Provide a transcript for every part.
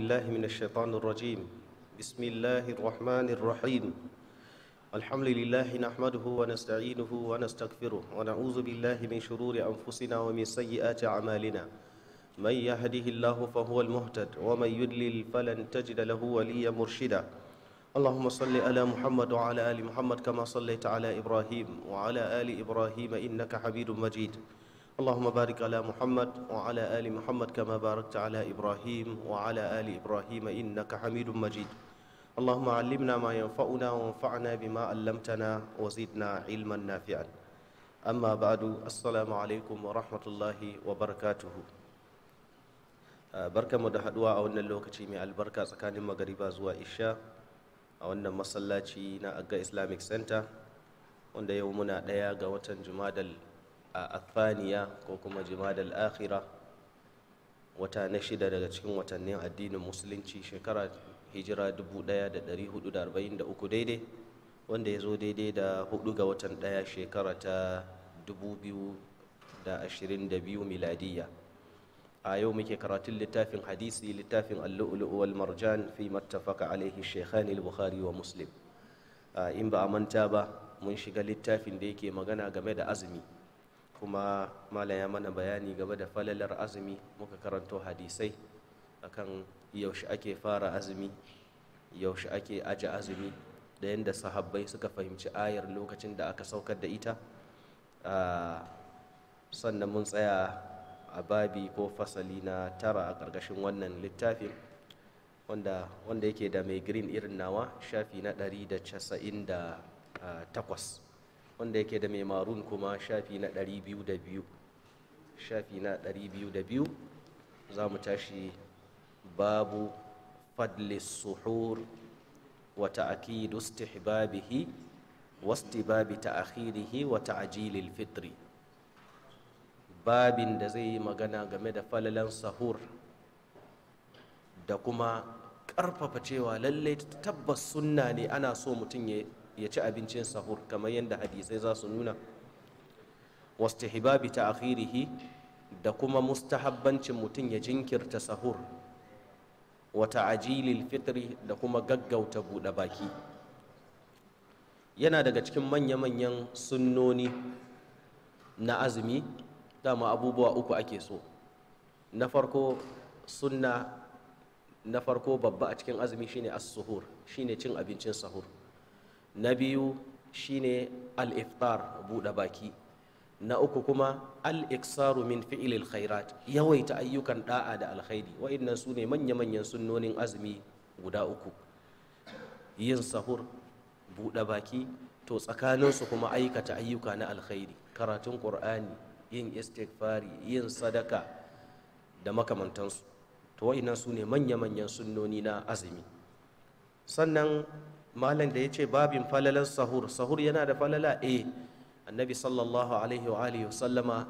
الله من الشيطان الرجيم بسم الله الرحمن الرحيم الحمد لله نحمده ونستعينه ونستغفره ونعوذ بالله من شرور أنفسنا ومن سيئات أعمالنا من يهده الله فهو المهتد ومن يدلل فلن تجد له وليا مرشدا اللهم صل على محمد وعلى آل محمد كما صليت على إبراهيم وعلى آل إبراهيم إنك حميد مجيد اللهم بارك على محمد وعلى آل محمد كما باركت على إبراهيم وعلى آل إبراهيم إنك حميد مجيد اللهم علمنا ما ينفعنا وانفعنا بما علمتنا وزدنا علما نافعا أما بعد السلام عليكم ورحمة الله وبركاته barkamu da haduwa a wannan lokaci mai albarka tsakanin magariba zuwa isha a wannan masallaci na agga islamic center wanda yau muna daya ga watan jumadal a Asfaniya ko kuma jimadal akhira wata na shida daga cikin watannin addinin musulunci shekara hijira 1443 daidai wanda ya zo daidai da hudu ga watan ɗaya shekara ta 2022 miladiya a yau muke karatun littafin hadisi littafin allu'ulu'u wal marjan fi mattafaka alaihi shekhani bukhari wa muslim in ba a manta ba mun shiga littafin da yake magana game da azumi kuma malam ya mana bayani gaba da falalar azumi muka karanto hadisai akan yaushe ake fara azumi yaushe ake aje azumi da yadda sahabbai suka fahimci ayar lokacin da aka saukar da ita ah, sannan mun tsaya a babi ko fasali na tara a ƙarƙashin wannan littafin wanda wanda yake da mai green irin nawa shafi na 198 wanda yake da mai marun kuma shafi na 202 shafi na 202 za mu tashi babu fadli suhur wa ta'kidu istihbabihi wa istibabi ta'khirihi wa ta'jilil fitri babin da zai yi magana game da falalan sahur da kuma ƙarfafa cewa lallai tabbas sunna ne ana so mutum ya ya ci abincin sahur kamar yadda hadisai za su nuna wastihibabi ta akhirihi da kuma mustahabbancin mutum ya jinkirta sahur wata ajilil fitri da kuma gaggauta buɗe baki yana daga cikin manya-manyan sunnoni na azumi dama abubuwa uku ake so na farko sunna na farko babba a cikin azumi shine as-suhur shine cin abincin sahur na biyu shine al-iftar buɗe baki na uku kuma al-iksaru min fi'ilil khairat yawaita ayyukan da'a da alkhairi wa'annan su ne manya-manyan sunnonin azumi guda uku yin sahur buɗe baki to tsakaninsu kuma aikata ayyuka na alkhairi karatun qur'ani yin istighfari yin sadaka da makamantansu to wa'annan su ne manya-manyan sunnoni na azumi sannan malam da ya ce babin falalan sahur sahur yana da falala eh annabi sallallahu alaihi wa alihi sallama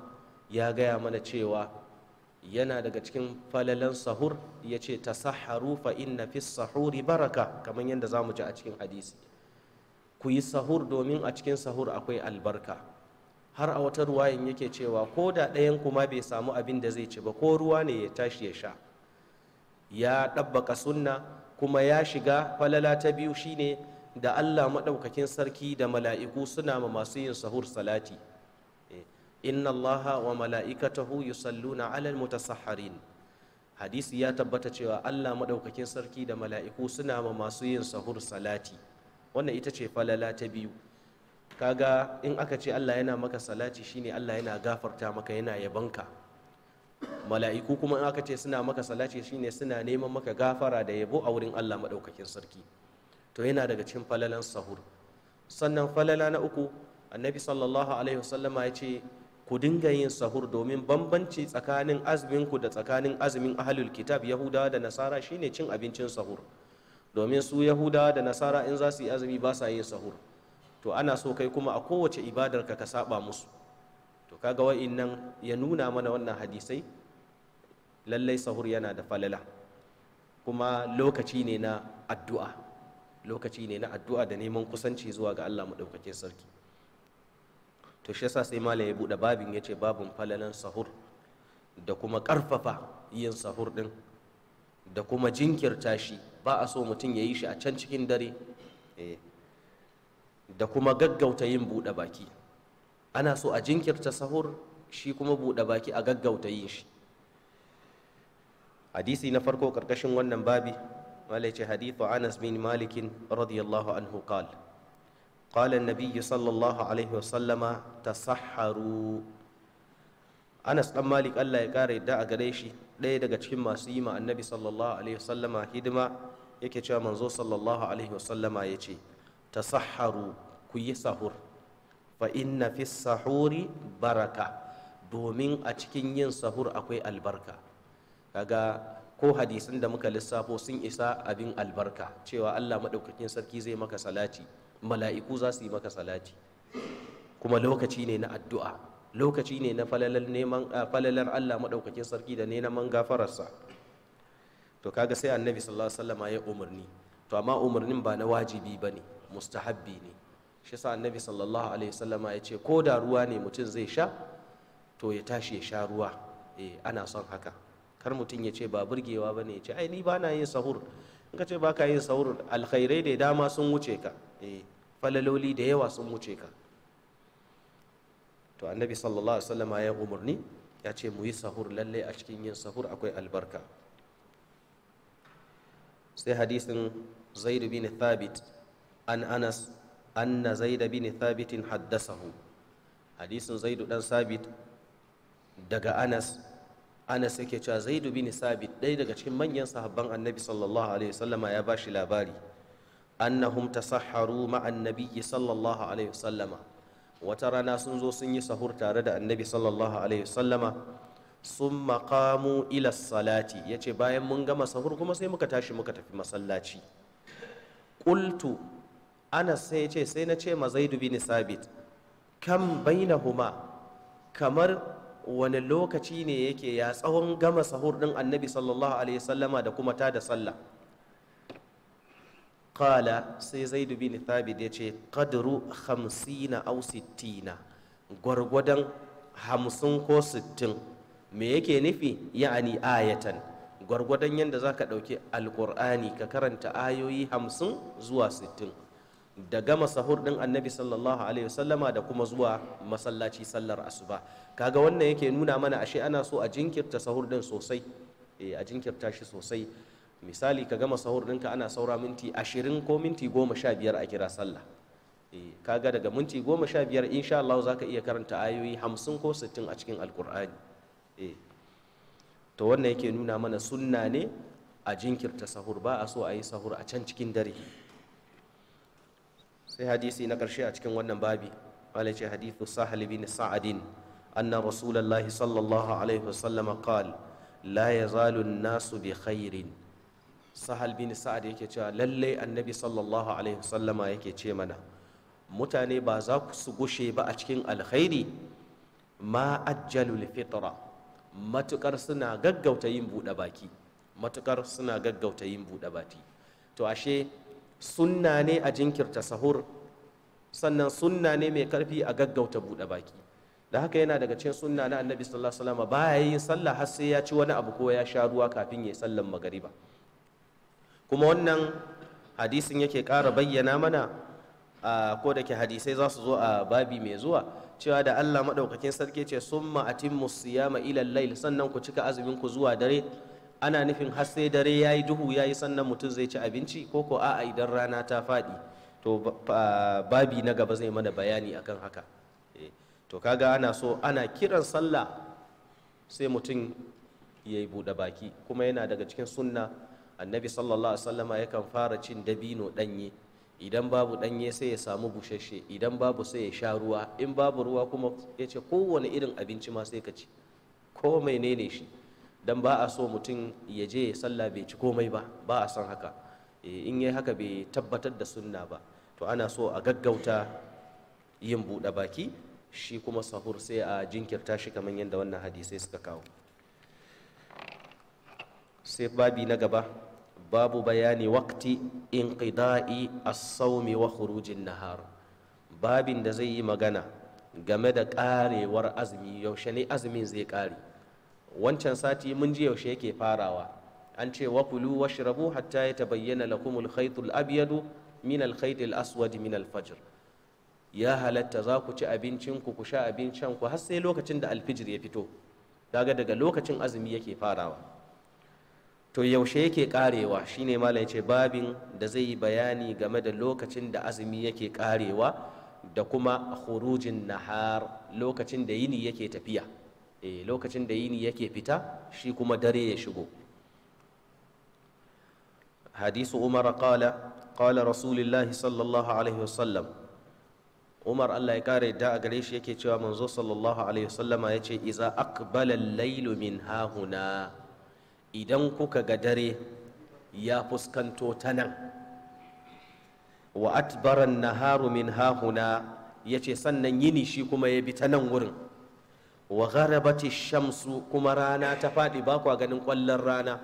ya gaya mana cewa yana daga cikin falalan sahur ya ce tasahharu fa inna fi sahuri baraka kamar yadda za mu ji a cikin hadisi ku yi sahur domin a cikin sahur akwai albarka har a wata ruwayin yake cewa ko da ɗayan kuma bai samu abin da zai ci ba ko ruwa ne ya tashi ya sha ya ɗabbaka sunna kuma ya shiga falala ta biyu shine da Allah maɗaukakin sarki da mala'iku suna ma masu yin sahur salati eh, inna Allah wa mala'ikatahu yusalluna alal mutasahharin hadisi ya tabbata cewa Allah maɗaukakin sarki da mala'iku suna ma masu yin sahur salati wannan ita ce falala ta biyu kaga in aka ce Allah yana maka salati shine Allah yana gafarta maka yana yabanka mala'iku kuma in aka ce suna maka salati shine suna neman maka gafara da yabo a wurin Allah maɗaukakin sarki to yana daga cikin falalan sahur sannan falala na uku annabi sallallahu alaihi wasallama ya ce ku dinga yin sahur domin bambanci tsakanin azumin ku da tsakanin azumin ahlul kitab yahudawa da nasara shine cin abincin sahur domin su yahudawa da nasara in za su yi azumi ba sa yin sahur to ana so kai kuma a kowace ibadar ka ka saba musu to kaga nan ya nuna mana wannan hadisai lallai sahur yana da falala kuma lokaci ne na addu'a lokaci ne na addu'a da neman kusanci zuwa ga Allah maɗaukakin sarki to shi yasa sai malam ya buɗe babin ya ce babin falalan sahur da kuma ƙarfafa yin sahur ɗin da kuma jinkirta shi ba a so mutum ya yi shi a can cikin dare eh, da kuma gaggauta yin buɗe baki ana so a jinkirta sahur shi kuma buɗe baki a gaggauta yin shi hadisi na farko karkashin wannan babi malai ce hadithu anas bin malikin radiyallahu anhu qal qala an sallallahu alaihi wa sallama tasahharu anas dan malik Allah ya kare da a gare shi ɗaya daga cikin masu yi ma annabi sallallahu alaihi wa sallama hidima yake cewa manzo sallallahu alaihi wa sallama yace tasahharu ku yi sahur fa inna fi sahuri baraka domin a cikin yin sahur akwai albarka kaga ko hadisin da muka lissafo sun isa abin albarka cewa Allah maɗaukakin sarki zai maka salati mala'iku za su yi maka salati kuma lokaci ne na addu'a lokaci ne na falalar Allah maɗaukakin sarki da neman gafararsa to kaga sai annabi sallallahu alaihi wasallam ya umarni to amma umarnin ba na wajibi ba bane mustahabbi ne shi sa annabi sallallahu alaihi wasallama ya ce ko da ruwa ne mutum zai sha to ya tashi ya sha ruwa eh ana son haka kar mutum ya ce ba burgewa ba ne ya ce ai ni ba na yin sahur in ka ce ba ka yin sahur alkhairai da dama sun wuce ka eh, falaloli da yawa sun wuce ka to annabi sallallahu alaihi wasallam ya umarni ya ce mu yi sahur lallai a cikin yin sahur akwai albarka sai hadisin zaid bin thabit an anas anna zaid bin thabit haddasahu hadisin zaid dan sabit daga anas anas yake cewa zaidu bin sabit ɗaya daga cikin manyan sahabban annabi sallallahu alaihi wasallama ya shi labari annahum tasahharu ma annabi sallallahu alaihi wasallama wata rana sun zo sun yi sahur tare da annabi sallallahu alaihi wasallama sun maqamu ila salati yace bayan mun gama sahur kuma sai muka tashi muka tafi masallaci qultu anas sai yace sai na ce ma zaidu bin sabit kam bainahuma kamar wani lokaci ne yake ya tsawon gama sahur ɗin annabi sallallahu alaihi sallama da kuma ta da sallah kala sai zaidu bin thabit ya ce qadru hamsina au sittina gwargwadon hamsin ko sittin me yake nufi ya'ani ayatan gwargwadon yadda za ka ɗauki alƙur'ani ka karanta ayoyi hamsin zuwa sittin da gama sahur ɗin annabi sallallahu alaihi wasallama da kuma zuwa masallaci sallar asuba kaga wannan yake nuna mana ashe ana so a jinkirta sahur din sosai eh a jinkirta shi sosai misali ka gama sahur ɗinka ana saura minti ashirin ko minti goma sha biyar a kira sallah eh kaga daga minti goma sha biyar insha Allah za ka iya karanta ayoyi hamsin ko sittin a cikin alkur'ani eh to wannan yake nuna mana sunna ne a jinkirta sahur ba a so a yi sahur a can cikin dare sai hadisi na karshe a cikin wannan babi wale ce hadithu sahal bin sa'adin أن رسول الله صلى الله عليه وسلم قال لا يزال الناس بخير sahal bin sa'ad yake cewa lallai annabi sallallahu alaihi wasallama yake ce mana mutane ba za su gushe ba a cikin alkhairi ma ajjalul fitra matukar suna gaggauta yin buɗe baki matukar suna gaggauta yin buɗe baki to ashe sunna ne a jinkirta sahur sannan sunna ne mai karfi a gaggauta buɗe baki da haka yana daga cikin sunna na annabi sallallahu alaihi wasallam baya yin sallah har sai ya ci wani abu ko ya sha ruwa kafin ya sallan magariba kuma wannan hadisin yake ƙara bayyana mana ko da ke hadisai za su zo a babi mai zuwa cewa da Allah madaukakin sarki ce summa atimmu siyama ila lail sannan ku cika azumin ku zuwa dare ana nufin har sai dare yayi duhu yayi sannan mutum zai ci abinci ko ko a'a idan rana ta faɗi to babi na gaba zai mana bayani akan haka to kaga ana so ana kiran sallah sai mutum ya yi buɗe baki kuma yana daga cikin sunna annabi sallallahu alaihi wasallama kan fara cin dabino ɗanye idan babu ɗanye sai ya samu bushashe idan babu sai ya sha ruwa in babu ruwa kuma ya ce kowane irin abinci ma sai ka ci ko menene shi dan ba a so mutum ya je ya sallah bai ci komai ba ba a san haka eh, in yi haka bai tabbatar da sunna ba to ana so a gaggauta yin buɗe baki shi kuma sahur sai a jinkirta shi kamar yadda wannan hadisai suka kawo sai babi na gaba babu bayani wakti qida'i as-sawmi wa khurujin nahar babin da zai yi magana game da karewar azumi yaushe ne azumin zai kare wancan sati mun ji yaushe yake farawa an ce wa kulu washrabu hatta yatabayyana lakumul khaytul abyadu min al-khaytil aswad min al-fajr ya halatta za ku ci abincinku ku sha abincin ku har sai lokacin da alfijir ya fito kaga daga lokacin azumi yake farawa to yaushe yake karewa shine malam yace babin da zai yi bayani game da lokacin da azumi yake karewa da kuma khurujin nahar lokacin da yini yake tafiya eh lokacin da yini yake fita shi kuma dare ya shigo hadisu umar qala qala rasulullahi sallallahu alaihi wasallam umar allah ya kare da a gare shi yake cewa manzo sallallahu alaihi wasallama ya ce iza akbala lailu min hahuna idan kuka ga dare ya fuskanto ta nan wa atbaran naharu min hahuna ya ce sannan yini shi kuma ya bi ta nan wurin wa gharabati shamsu kuma rana ta faɗi ba kwa ganin ƙwallon rana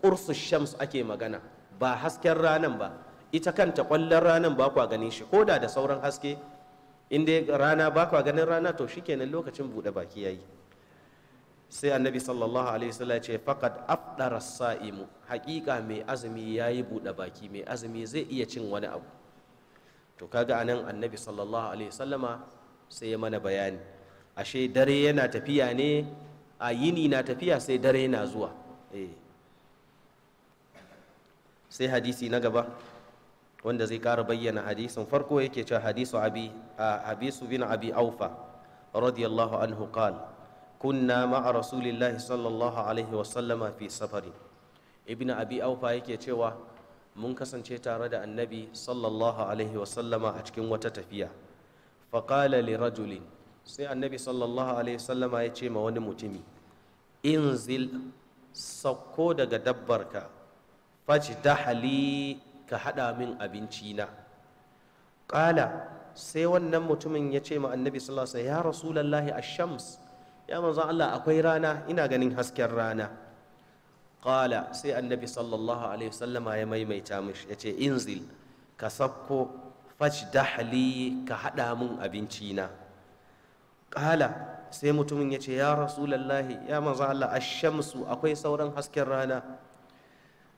ƙursu eh, shams ake magana ba hasken ranan ba ita kanta kwallon ranar ba kwa ganin shi koda da sauran haske in dai rana ba kwa ganin rana to shi shikenan lokacin buɗe baki ya yi sai annabi sallallahu alaihi wasallam ya ce faqad afdara sa'imu haƙiƙa mai azumi yayi buɗe baki mai azumi zai iya cin wani abu to kaga anan annabi sallallahu alaihi wasallama sai ya mana bayani ashe dare yana tafiya ne a yini na tafiya sai dare na zuwa eh. sai hadisi na gaba wanda zai ƙara bayyana hadisin farko yake cewa hadisu abi habisu bin abi aufa radiyallahu anhu qal kunna ma'a rasulillahi sallallahu alaihi wa sallama fi safari ibn abi aufa yake cewa mun kasance tare da annabi sallallahu alaihi wa sallama a cikin wata tafiya qala li rajulin sai annabi sallallahu alaihi wa sallama ya ce ma wani mutumi inzil sauko daga dabbarka dahali. ka haɗa min abinci na ƙala sai wannan mutumin ya ce ma annabi sallallahu alaihi ya rasulallahi ash-shams ya manzon Allah akwai rana ina ganin hasken rana ƙala sai annabi sallallahu alaihi wasallama ya maimaita mishi ya ce inzil ka sakko fajdahli ka haɗa min abinci na ƙala sai mutumin ya ce ya rasulallahi ya manzon Allah ash-shamsu akwai sauran hasken rana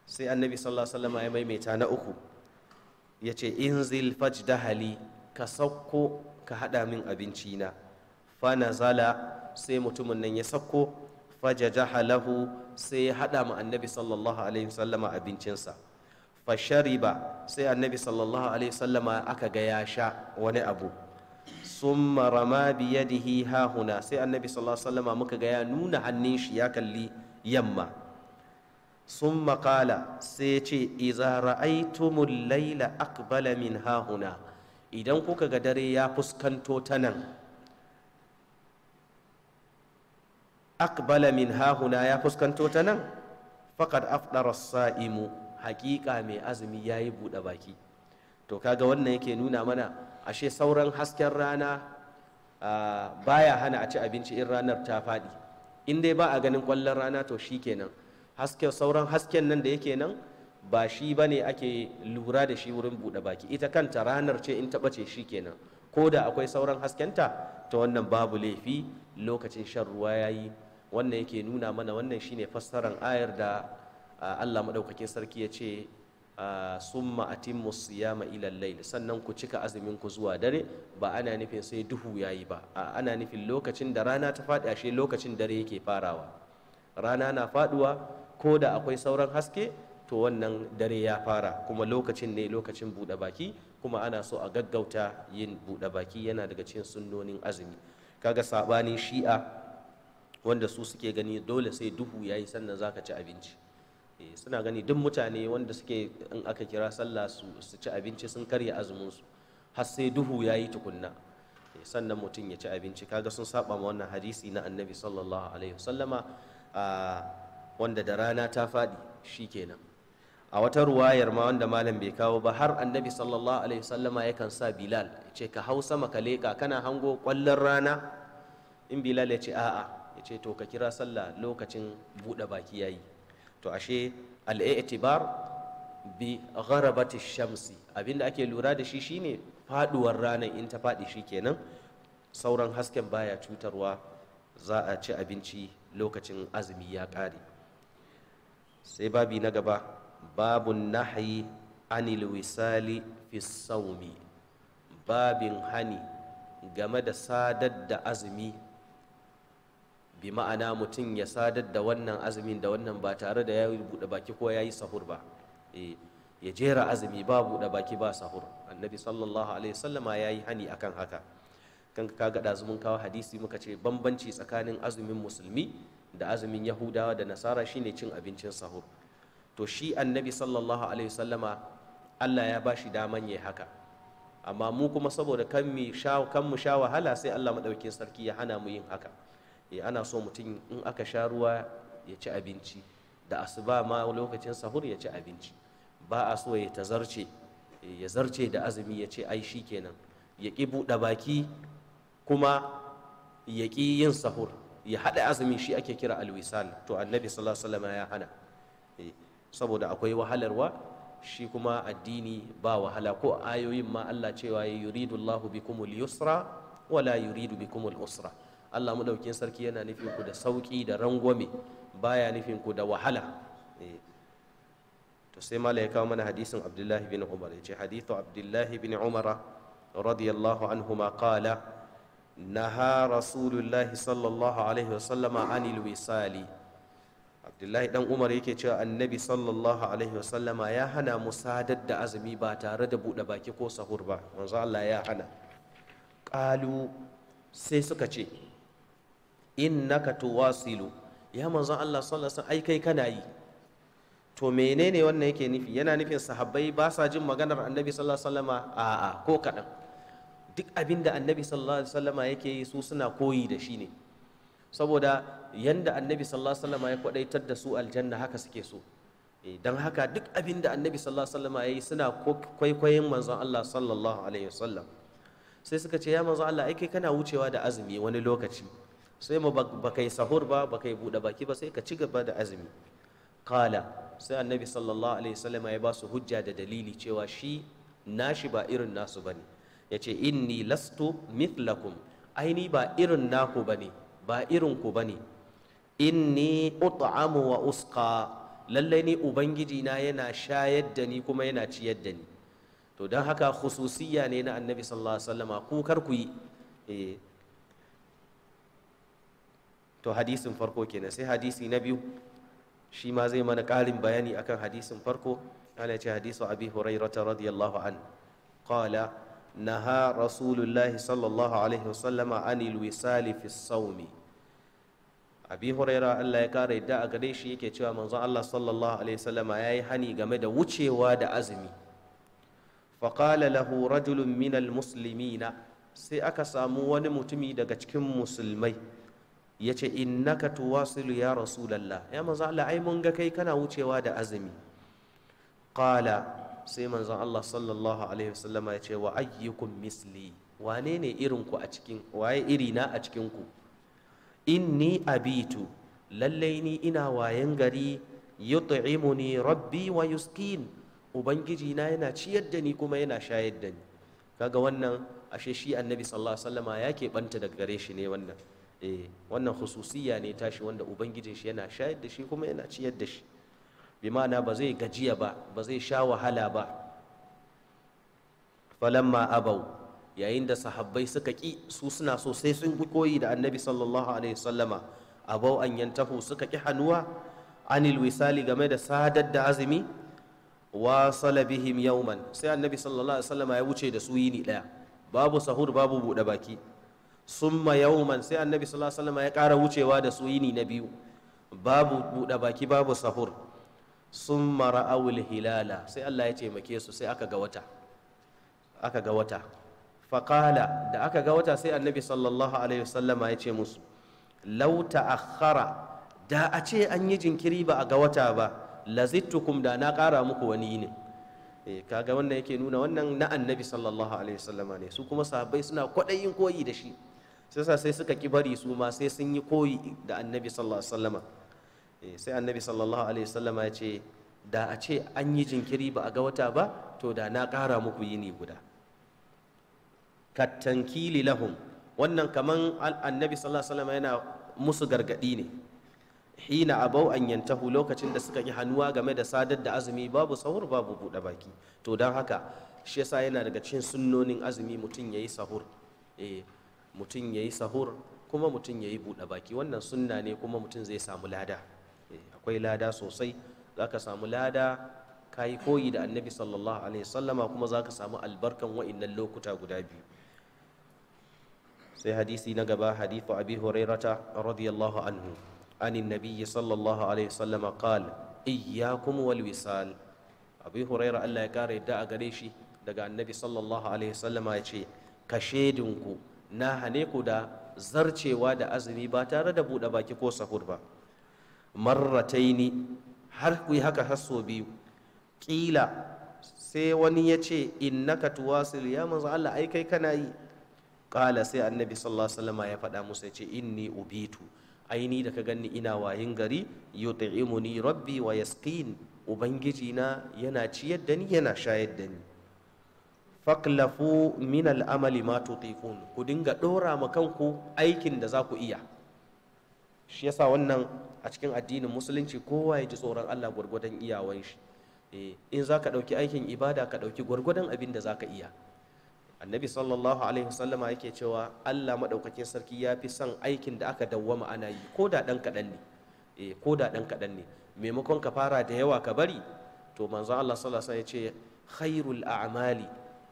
sai annabi sallallahu alaihi wasallam ya maimaita na uku ya ce inzil fajdahali ka sauko ka haɗa min abinci na fa nazala sai mutumin nan ya sauko fajajahalahu sai ya haɗa ma annabi sallallahu alaihi wasallama abincinsa fa shariba sai annabi sallallahu alaihi wasallama aka ga ya sha wani abu summa rama ha hahuna sai annabi sallallahu alaihi wasallama muka ga ya nuna hannun shi ya kalli yamma sun makala sai ya ce iza ra'aitumul laila akbala min hahuna idan kuka ga dare ya fuskanto ta nan akbala min hahuna ya fuskanto ta nan faƙad afdara sa'imu haƙiƙa mai azumi ya yi buɗe baki to kaga wannan yake nuna mana ashe sauran hasken rana baya hana a ci abinci in ranar ta faɗi in dai ba a ganin ƙwallon rana to shi kenan haske sauran hasken nan da yake nan ba shi ba ne ake lura da shi wurin buɗe baki ita kanta ranar ce in taɓa ce shi kenan ko da akwai sauran haskenta ta wannan babu laifi lokacin shan ruwa ya yi wannan yake nuna mana wannan shi ne fassarar ayar da Allah maɗaukakin sarki ya ce summa atimmu siyama ilallai layl sannan ku cika azumin ku zuwa dare ba ana nufin sai duhu ya yi ba ana nufin lokacin da rana ta faɗi ashe lokacin dare yake farawa rana na faɗuwa ko da akwai sauran haske to wannan dare ya fara kuma lokacin ne lokacin buɗe baki kuma ana so a gaggauta yin buɗe baki yana daga cikin sunnonin azumi kaga sabanin shi'a wanda su suke gani dole sai duhu yayi sannan zaka ci abinci eh, suna gani duk mutane wanda suke in aka kira sallah su ci abinci sun karya azumin su har sai duhu yayi tukunna eh, sannan mutum ya ci abinci kaga sun saba ma wannan hadisi na annabi sallallahu alaihi wasallama ah, wanda da rana ta faɗi shi kenan a wata ruwayar ma wanda malam bai kawo ba har annabi sallallahu alaihi wasallama yakan sa bilal ya ce ka hau sama ka leƙa kana hango ƙwallon rana in bilal ya ce a'a ya ce to ka kira sallah lokacin buɗe baki yayi to ashe al'itibar bi gharabati shamsi abinda ake lura da shi shine faduwar ranar in ta faɗi shi kenan sauran hasken baya cutarwa za a ci abinci lokacin azumi ya ƙare sai babi na gaba babun nahyi anil wisali fi saumi babin hani game da sadar da azumi bi ma'ana mutum ya sadar da wannan azumin da wannan ba tare da ya yi buɗe baki ko ya yi sahur ba eh, ya jera azumi ba buɗe baki ba sahur annabi sallallahu alaihi sallama ya yi hani akan haka kan ka ga ɗazu kawo hadisi muka ce bambanci tsakanin azumin musulmi da azumin yahudawa da nasara shine cin abincin sahur to shi annabi sallallahu alaihi wasallama allah ya bashi daman ya haka amma mu kuma saboda kan mu sha wahala sai allah maɗaukin sarki ya hana mu yin haka e ana so mutum in aka sha ruwa ya ci abinci da asuba ma lokacin sahur ya ci abinci ba a so ya tazarce eh, ya zarce da azumi ya ce ai shi kenan ya ki buɗe baki kuma ya ki yin sahur ya haɗa azumin shi ake kira alwisal to annabi sallallahu alaihi ya hana eh, saboda akwai wahalarwa shi kuma addini ba wahala ko ayoyin ma Allah cewa ya yuridu Allahu bikumul yusra wala yuridu bikumul usra Allah madaukin sarki yana nufin ku da sauki da rangwame baya nufin ku da wahala eh, to sai mala ya kawo mana hadisin Abdullahi bin Umar yace hadithu Abdullahi bin Umar radiyallahu anhuma qala naha rasulullahi sallallahu alaihi wasallama anil wisali abdullahi dan umar yake cewa annabi sallallahu alaihi wasallama ya hana mu sadar da azumi ba tare da buɗe baki ko sahur ba manzo Allah ya hana qalu sai suka ce innaka tuwasilu ya manzo Allah sallallahu alaihi ai kai kana yi to menene wannan yake nufi yana nufin sahabbai ba sa jin maganar annabi sallallahu alaihi wasallama a'a ko kaɗan duk abin da annabi sallallahu alaihi wasallama yake yi su suna koyi da shi ne saboda yanda annabi sallallahu alaihi wasallama ya kwadaitar da su aljanna haka suke so eh, don haka duk abin da annabi sallallahu alaihi wasallama ya yi suna kwaikwayin manzon Allah sallallahu alaihi wasallam sai suka ce ya manzon Allah ai kai kana wucewa da azumi wani lokaci sai mu baka yi sahur ba baka yi buɗe baki ba sai ka ci gaba da azumi kala sai annabi sallallahu alaihi wasallama ya ba su hujja da dalili cewa shi nashi ba irin nasu bane ya ce inni lastu mithlakum aini ba irin naku ba ne ba irin ku ba ne inni ut'amu wa uska lallai ni ubangiji na yana shayar da ni kuma yana ciyar da ni to don haka khususiyya ne na annabi sallallahu alaihi wasallama ku kar ku yi eh. to hadisin farko kenan sai hadisi na biyu shi ma zai mana ƙarin bayani akan hadisin farko ana ce hadisu abi hurairata radiyallahu an qala naha rasulullahi sallallahu alaihi wasallama anil wisali fi saumi abi huraira Allah ya kara yadda a gare shi yake cewa manzon Allah sallallahu alaihi wasallama yayi hani game da wucewa da azumi faqala lahu rajulun minal muslimina sai aka samu wani mutumi daga cikin musulmai ya ce innaka tuwasilu ya rasulallah ya manzo Allah ai mun ga kai kana wucewa da azumi qala sai manzon Allah sallallahu alaihi wasallama ya ce wa ayyukum misli wane ne irinku a cikin waye irina a cikin ku inni abitu lallai ni ina wayan gari yut'imuni rabbi wa yuskin ubangiji na yana ciyar da ni kuma yana shayar da ni kaga wannan ashe shi annabi sallallahu alaihi wasallama ya ke banta daga gare shi ne wannan eh wannan hususiya ne tashi wanda ubangijin shi yana shayar da shi kuma yana ciyar da shi bi ba zai gajiya ba ba zai sha wahala ba falamma abau yayin da sahabbai suka ki su suna so sai sun koyi da annabi sallallahu alaihi sallama abau an yantahu suka ki hannuwa anil wisali game da sadar da azumi wa salabihim yauman sai annabi sallallahu alaihi sallama ya wuce da su yini daya babu sahur babu buɗe baki summa yauman sai annabi sallallahu alaihi sallama ya ƙara wucewa da su yini na biyu babu buɗe baki babu sahur sun mara'awul hilala sai Allah ya taimake su sai aka ga wata aka ga wata faƙala da aka ga wata sai annabi sallallahu alaihi wasallama ya ce musu lau ta'akhkhara da a ce an yi jinkiri ba a ga wata ba lazittukum da na ƙara muku wani ne eh kaga wannan yake nuna wannan na annabi sallallahu alaihi wasallama ne su kuma sahabbai suna kwaɗayin koyi da shi sai sai suka ki bari su ma sai sun yi koyi da annabi sallallahu alaihi wasallama Eh, sai annabi sallallahu alaihi wasallam ya ce da a ce an yi jinkiri ba a ga wata ba to da na kara muku yini guda katankili lahum wannan kaman annabi sallallahu alaihi wasallam yana musu gargadi ne hina abau an yantahu lokacin da suka yi hannuwa game da sadar da azumi babu sahur babu buɗe baki to don haka shi yasa yana daga cikin sunnonin azumi mutum yayi sahur eh mutum yayi sahur kuma mutum yayi buɗe baki wannan sunna ne kuma mutum zai samu lada Eh, akwai lada sosai za ka samu lada ka yi koyi da annabi sallallahu alaihi sallama kuma za ka samu albarkan wa'innan lokuta guda biyu sai hadisi na gaba hadithu abi hurairata radiyallahu anhu عن النبي صلى الله عليه وسلم قال إياكم والوصال a هريرة الله يكاري دا أغريشي دقى النبي صلى الله عليه وسلم يتشي كشيدنكو ناهنيكو دا zarcewa da azumi ba tare da buɗe baki ko sahur ba marrataini har ku yi haka hasso biyu ƙila sai wani ya ce innaka tuwasil ya manzo Allah ai kai kana yi Kala sai annabi sallallahu alaihi wasallam ya faɗa musu ya ce inni ubitu aini da ka ganni ina wayin gari yut'imuni rabbi wa yasqin ubangiji na yana ciyar da ni yana shayar da ni faklafu min al'amali ma tutiqun ku dinga dora ma kanku aikin da za ku iya shi yasa wannan a cikin addinin musulunci kowa ya ji tsoron Allah gwargwadon iyawan shi eh, in za ka ɗauki aikin ibada ka ɗauki gwargwadon abin da za ka iya annabi sallallahu alaihi wasallama yake cewa Allah maɗaukakin sarki ya fi son aikin da aka dawwama ana yi ko da ɗan kaɗan ne eh, ko da ɗan kaɗan ne maimakon ka fara da yawa ka bari to manzon Allah sallallahu alaihi wasallam ya ce khairul a'mali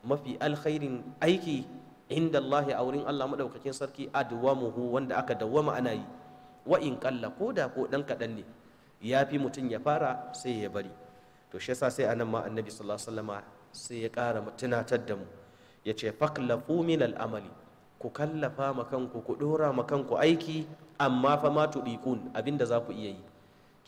mafi alkhairin aiki inda Allah a wurin Allah maɗaukakin sarki adwamuhu wanda aka dawwama ana yi wa in kalla ko da ko dan kaɗan ne ya fi mutum ya fara sai ya bari to shi yasa sai anan ma annabi sallallahu alaihi wasallama sai ya ƙara tunatar da mu ya ce faklafu min al'amali ku kallafa ma kanku ku ɗora ma kanku aiki amma fa ma tuɗiƙun abinda za ku iya yi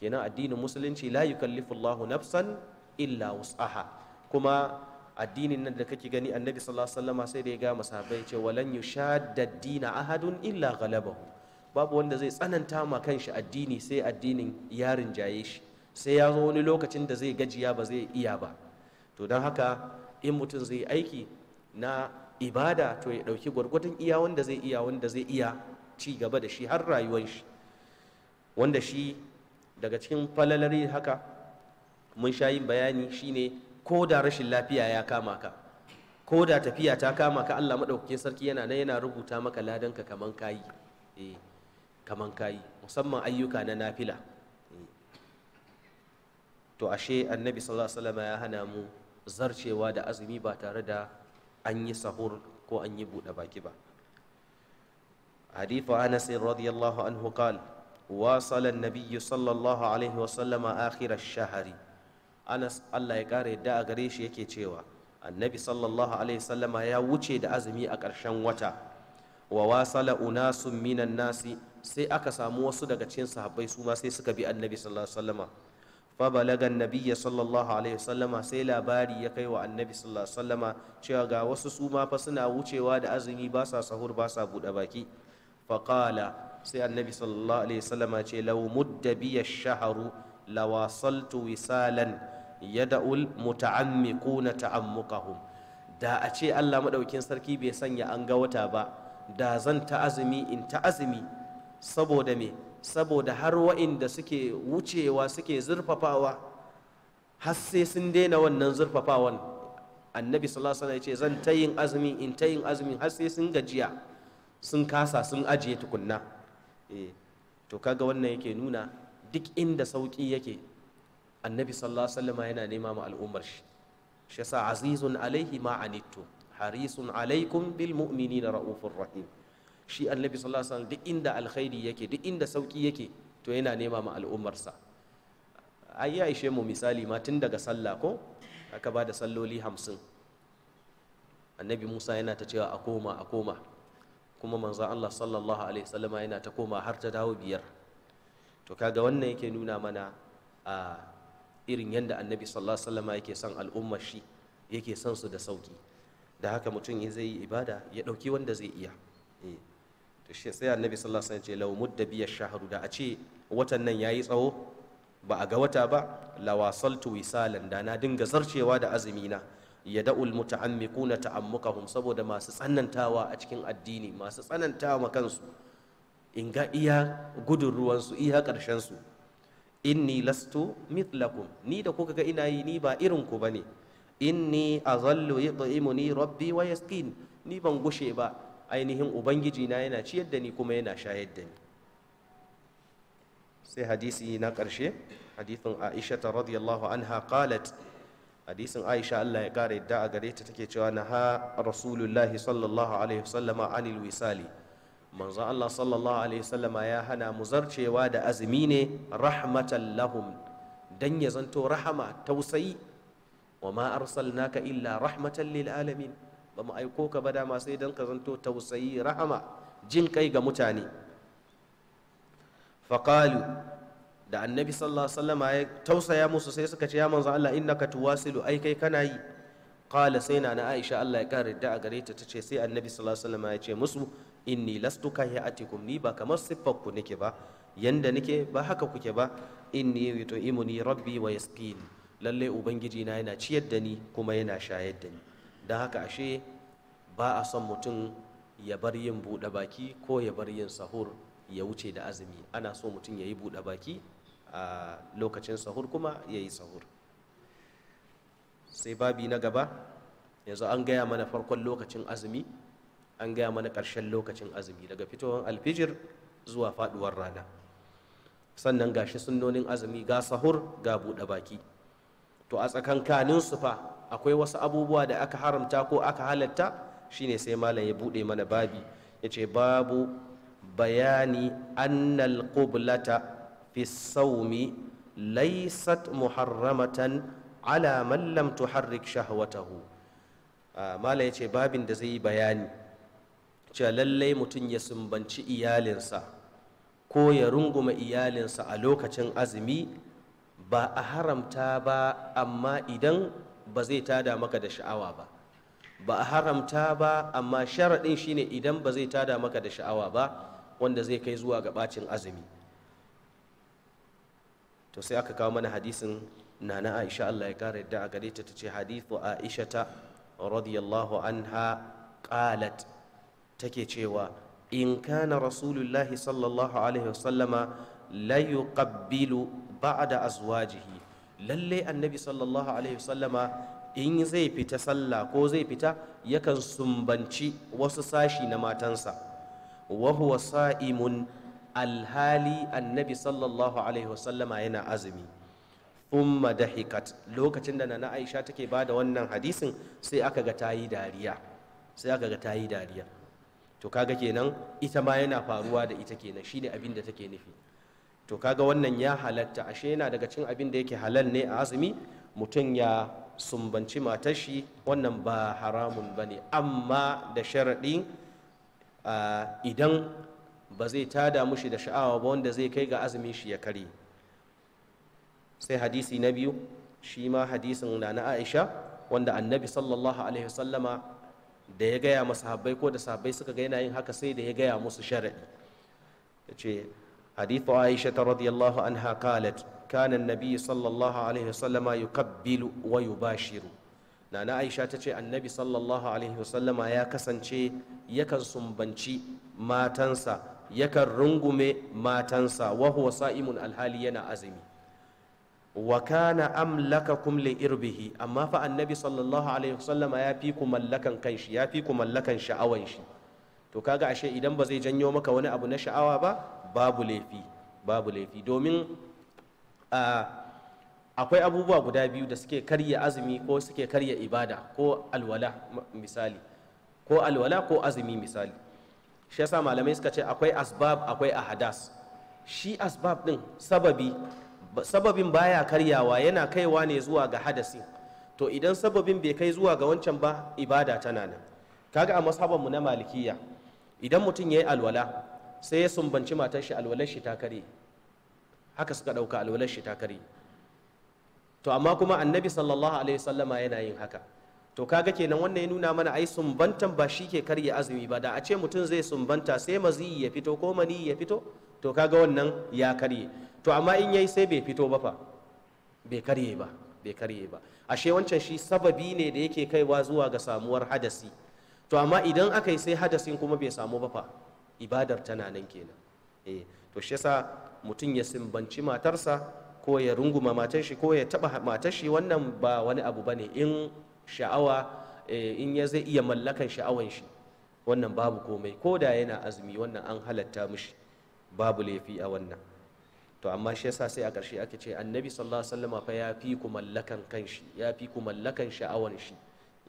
kenan addinin musulunci la yukallifu Allahu nafsan illa wus'aha kuma addinin nan da kake gani annabi sallallahu alaihi wasallama sai da ya ga masahabai ce walan yushadda dina ahadun illa ghalabahu babu wanda zai tsananta ma kanshi addini sai addinin ya rinjaye shi sai ya zo wani lokacin da zai gajiya ba zai iya ba to don haka in mutum zai aiki na ibada to ya ɗauki gwargwadon iya wanda zai iya wanda zai iya ci gaba da shi har rayuwar shi wanda shi daga cikin falalari haka mun sha yin bayani shine ko da rashin lafiya ya kama ka ko da tafiya ta kama ka Allah maɗaukakin sarki yana nan yana rubuta maka ladanka kaman kayi eh. kaman kayi musamman ayyuka na nafila to ashe annabi sallallahu alaihi wasallam ya hana mu zarcewa da azumi ba tare da an yi sahur ko an yi buɗe baki ba hadithu anas radiyallahu anhu qal wasala an-nabiy sallallahu alaihi wasallam akhir ash-shahr anas Allah ya kare da a gare shi yake cewa annabi sallallahu alaihi wasallama ya wuce da azumi a ƙarshen wata wa wasala nasi sai aka samu wasu daga cikin sahabbai su ma sai suka bi annabi sallallahu alaihi wasallama fa balaga annabi sallallahu alaihi wasallama sai labari ya kai wa annabi sallallahu alaihi wasallama cewa ga wasu su ma fa suna wucewa da azumi ba sa sahur ba sa bude baki fa qala sai annabi sallallahu alaihi wasallama ce law mudda bi ash-shahru lawasaltu wisalan yada'ul muta'ammiquna ta'ammuqahum da a ce Allah madaukin sarki bai sanya an ga wata ba da zan ta azumi in ta azumi saboda me saboda har wa'inda suke wucewa suke zurfafawa har sai sun daina wannan zurfafawan annabi sallallahu alaihi ya ce zan ta yin azumi in tayin yin azumi har sai sun gajiya sun kasa sun ajiye tukunna eh to kaga wannan yake nuna duk inda sauki yake annabi sallallahu alaihi wasallam yana nema ma al'ummar shi shi yasa azizun alaihi ma anittu harisun alaikum bil mu'minina raufur rahim shi annabi sallallahu alaihi wasallam duk inda alkhairi yake duk inda sauki yake to yana nema ma al'ummarsa ai ya ishe mu misali ma tun daga sallah ko aka ba da salloli hamsin annabi musa yana ta cewa a koma a koma kuma manzan allah sallallahu alaihi wasallama yana ta koma har ta dawo biyar to kaga wannan yake nuna mana a irin yadda annabi sallallahu alaihi yake son al'ummar shi yake son su da sauki da haka mutum zai yi ibada ya ɗauki wanda zai iya eh. shi sai annabi sallallahu alaihi wasallam ce law mudda biya shahru da a ce watan nan yayi tsawo ba a ga wata ba lawasaltu wisalan da na dinga zarcewa da azumi na yada'ul muta'ammiquna ta'ammukahum saboda masu tsanantawa a cikin addini masu tsanantawa kansu in ga iya gudun ruwansu iya ƙarshen su inni lastu mithlakum ni da kuka ga ina yi ni ba irin ku bane inni azallu yud'imuni rabbi wa yasqin ni ban gushe ba ainihin ubangiji na yana ciyar da ni kuma yana shayar da ni sai hadisi na ƙarshe hadisin aisha ta radiyallahu anha qalat hadisin aisha Allah ya kara yadda a gare ta take cewa na ha rasulullahi sallallahu alaihi wasallama anil wisali manzo Allah sallallahu alaihi wasallama ya hana mu zarcewa da azumi ne rahmatan lahum dan ya zanto rahama tausayi wa ma arsalnaka illa rahmatan lil alamin ba mu aiko ka ba dama sai don ka zanto tausayi rahama jin kai ga mutane faƙalu da annabi sallallahu alaihi wasallam ya tausaya musu sai suka ce ya manzo Allah innaka tuwasilu ai kai kana yi qala sai na na Aisha Allah ya kare da a gare ta tace sai annabi sallallahu alaihi wasallam ya ce musu inni lastu kahiyatikum ni ba kamar siffar ku nake ba yanda nake ba haka kuke ba inni yutimuni rabbi wa yasqini lalle ubangiji na yana ciyar da ni kuma yana shayar da ni Da haka ashe ba a son mutum ya bar yin buɗe baki ko ya bar yin sahur ya wuce da azumi ana so mutum ya yi buɗe baki a lokacin sahur kuma ya yi sahur sai babi na gaba yanzu an gaya mana farkon lokacin azumi an gaya mana ƙarshen lokacin azumi daga fitowar alfijir zuwa faɗuwar rana sannan gashi sunnonin azumi ga sahur ga buɗe baki to a tsakankanin su fa akwai wasu abubuwa da aka haramta ko aka halatta shine sai malam ya bude mana babi ya ce babu bayani annal qublata fi saumi laysat muharramatan ala man lam tuharrik shahwatahu malam ya ce babin da zai yi bayani cewa lallai mutum ya sumbanci iyalinsa ko ya runguma iyalinsa a lokacin azumi ba a haramta ba amma idan ba zai tada maka da sha'awa ba ba a haramta ba amma sharaɗin shine idan ba zai tada maka da sha'awa ba wanda zai kai zuwa ga bacin azumi to sai aka kawo mana hadisin nana aisha Allah ya kara yadda a gare ta tace hadithu aisha ta radiyallahu anha qalat take cewa in kana rasulullahi sallallahu alaihi wasallama la yuqabbilu ba'da azwajihi lalle annabi sallallahu alaihi wasallama in zai fita sallah ko zai fita yakan sumbanci wasu sashi na matansa wa huwa sa'imun alhali annabi sallallahu alaihi wasallama yana azumi umma dahikat lokacin da nana aisha take ba da wannan hadisin sai aka ga tayi dariya sai aka ga tayi dariya to kaga kenan ita ma yana faruwa da ita kenan shine abin da take nufi to kaga wannan ya halatta ashe yana daga cin abin da yake halal ne a azumi mutum ya sumbanci matar shi wannan ba haramun ba ne amma da sharaɗi idan ba zai tada mushi da sha'awa ba wanda zai kai ga azumi shi ya kare sai hadisi na biyu shi ma hadisin na na aisha wanda annabi sallallahu alaihi wasallama da ya gaya masahabbai ko da sahabbai suka ga yana yin haka sai da ya gaya musu sharaɗi ya ce حديث عائشة رضي الله عنها قالت كان النبي صلى الله عليه وسلم يقبل ويباشر نانا عائشة تشي النبي صلى الله عليه وسلم يا كسن شي يكن سنبنشي ما تنسى يكن رنقم ما تنسى وهو صائم الحالي ينا أزمي وكان أملككم لإربه أما فالنبي صلى الله عليه وسلم يا فيكم ملكا كنش يا فيكم ملكا شعوانش to kaga ashe idan ba zai janyo maka wani abu na sha'awa ba babu laifi babu laifi domin akwai abubuwa guda biyu da suke karya azumi ko suke karya ibada ko alwala misali ko alwala ko azumi misali shi yasa malamai suka ce akwai asbab akwai ahadas shi asbab din sababi sababin baya karyawa yana kaiwa ne zuwa ga hadasi to idan sababin bai kai zuwa ga wancan ba ibada tana nan kaga a mu na malikiya idan mutum ya yi alwala sai ya sumbanci matar shi alwalar shi ta kare haka suka ɗauka alwalar shi ta kare to amma kuma annabi sallallahu alaihi sallama yana yin haka to kaga kenan wannan ya nuna mana ai sumbantan ba shi ke karya azumi ba da a ce mutum zai sumbanta sai mazi ya fito ko mani ya fito to kaga wannan ya karye to amma in yayi sai bai fito ba fa bai karye ba bai karye ba ashe wancan shi sababi ne da yake kaiwa zuwa ga samuwar hadasi to amma idan aka yi sai hadasin kuma bai samu ba fa ibadar tana nan kenan eh to shi yasa mutum ya simbanci matarsa ko ya runguma matar shi ko ya taba matar shi wannan ba wani abu bane in sha'awa eh, in ya zai iya mallakan sha'awan shi wannan babu komai ko da yana azumi wannan an halatta mishi babu laifi a wannan to amma shi yasa sai a ƙarshe ake ce annabi sallallahu alaihi wasallam fa ya fi ku mallakan kanshi ya fi ku mallakan sha'awan shi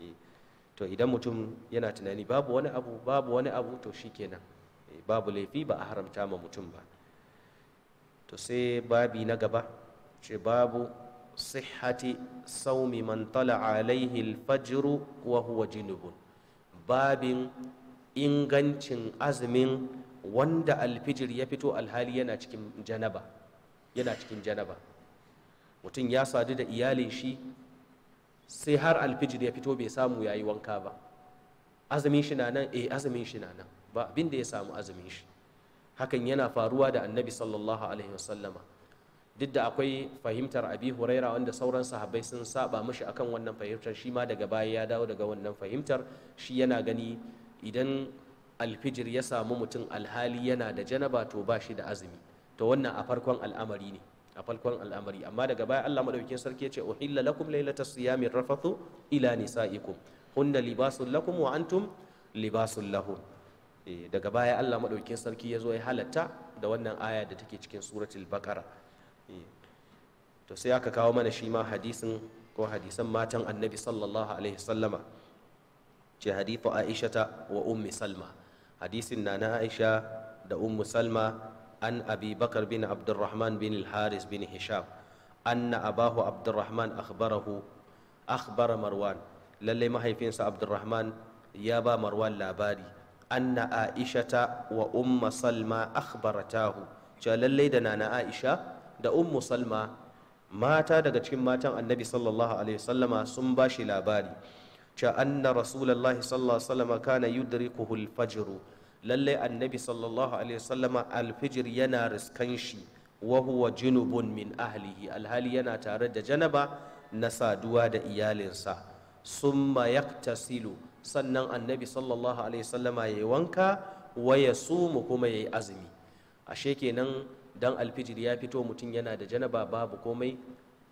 eh, to idan mutum yana tunani babu wani abu babu wani abu to shikenan babu laifi ba a haramta ma mutum ba to sai babi na gaba ce babu sihati saumi man tala alaihi alfajiru wa huwa jinubun babin ingancin azumin wanda alfijir ya fito alhali yana cikin janaba yana cikin janaba mutum ya sadu da iyalin shi sai har alfijir ya fito bai samu yayi wanka ba azumin shi na nan eh azumin shi na nan ba abin da ya samu azumin shi hakan yana faruwa da annabi sallallahu alaihi wasallama duk da akwai fahimtar abi huraira wanda sauran sahabbai sun saba mishi akan wannan fahimtar shi ma daga baya ya dawo daga wannan fahimtar shi yana gani idan alfijir ya samu mutum alhali yana da janaba to ba shi da azumi to wannan a farkon al'amari ne a farkon al'amari amma daga baya Allah madaukakin sarki yace ce uhilla lakum lailatas siyamir rafathu ila nisaikum hunna libasul lakum wa antum libasul lahun Eh, daga baya Allah maɗaukin sarki ya zo ya halatta da wannan aya da take cikin suratul baqara eh, to sai aka kawo mana shi ma hadisin ko hadisan matan annabi sallallahu alaihi sallama ce hadithu aishata wa ummi salma hadisin na na aisha da ummu salma an abi bakar bin abdurrahman bin haris bin hisham anna abahu abdurrahman akhbarahu akhbara marwan lallai mahaifinsa abdurrahman ya ba marwan labari anna aishata wa umma salma akhbaratahu cewa lallai da nana aisha da ummu salma mata daga cikin matan annabi sallallahu sun ba shi labari cewa anna rasulullahi sallallahu alaihi wasallama kana yudrikuhu al-fajr lallai annabi sallallahu alaihi wasallama yana riskan shi wa huwa junubun min ahlihi alhali yana tare da janaba na saduwa da iyalinsa summa yaktasilu sannan annabi sallallahu alaihi sallama ya yi wanka wa ya sumu kuma ya yi azumi ashe kenan dan alfijir ya fito mutum yana da janaba babu komai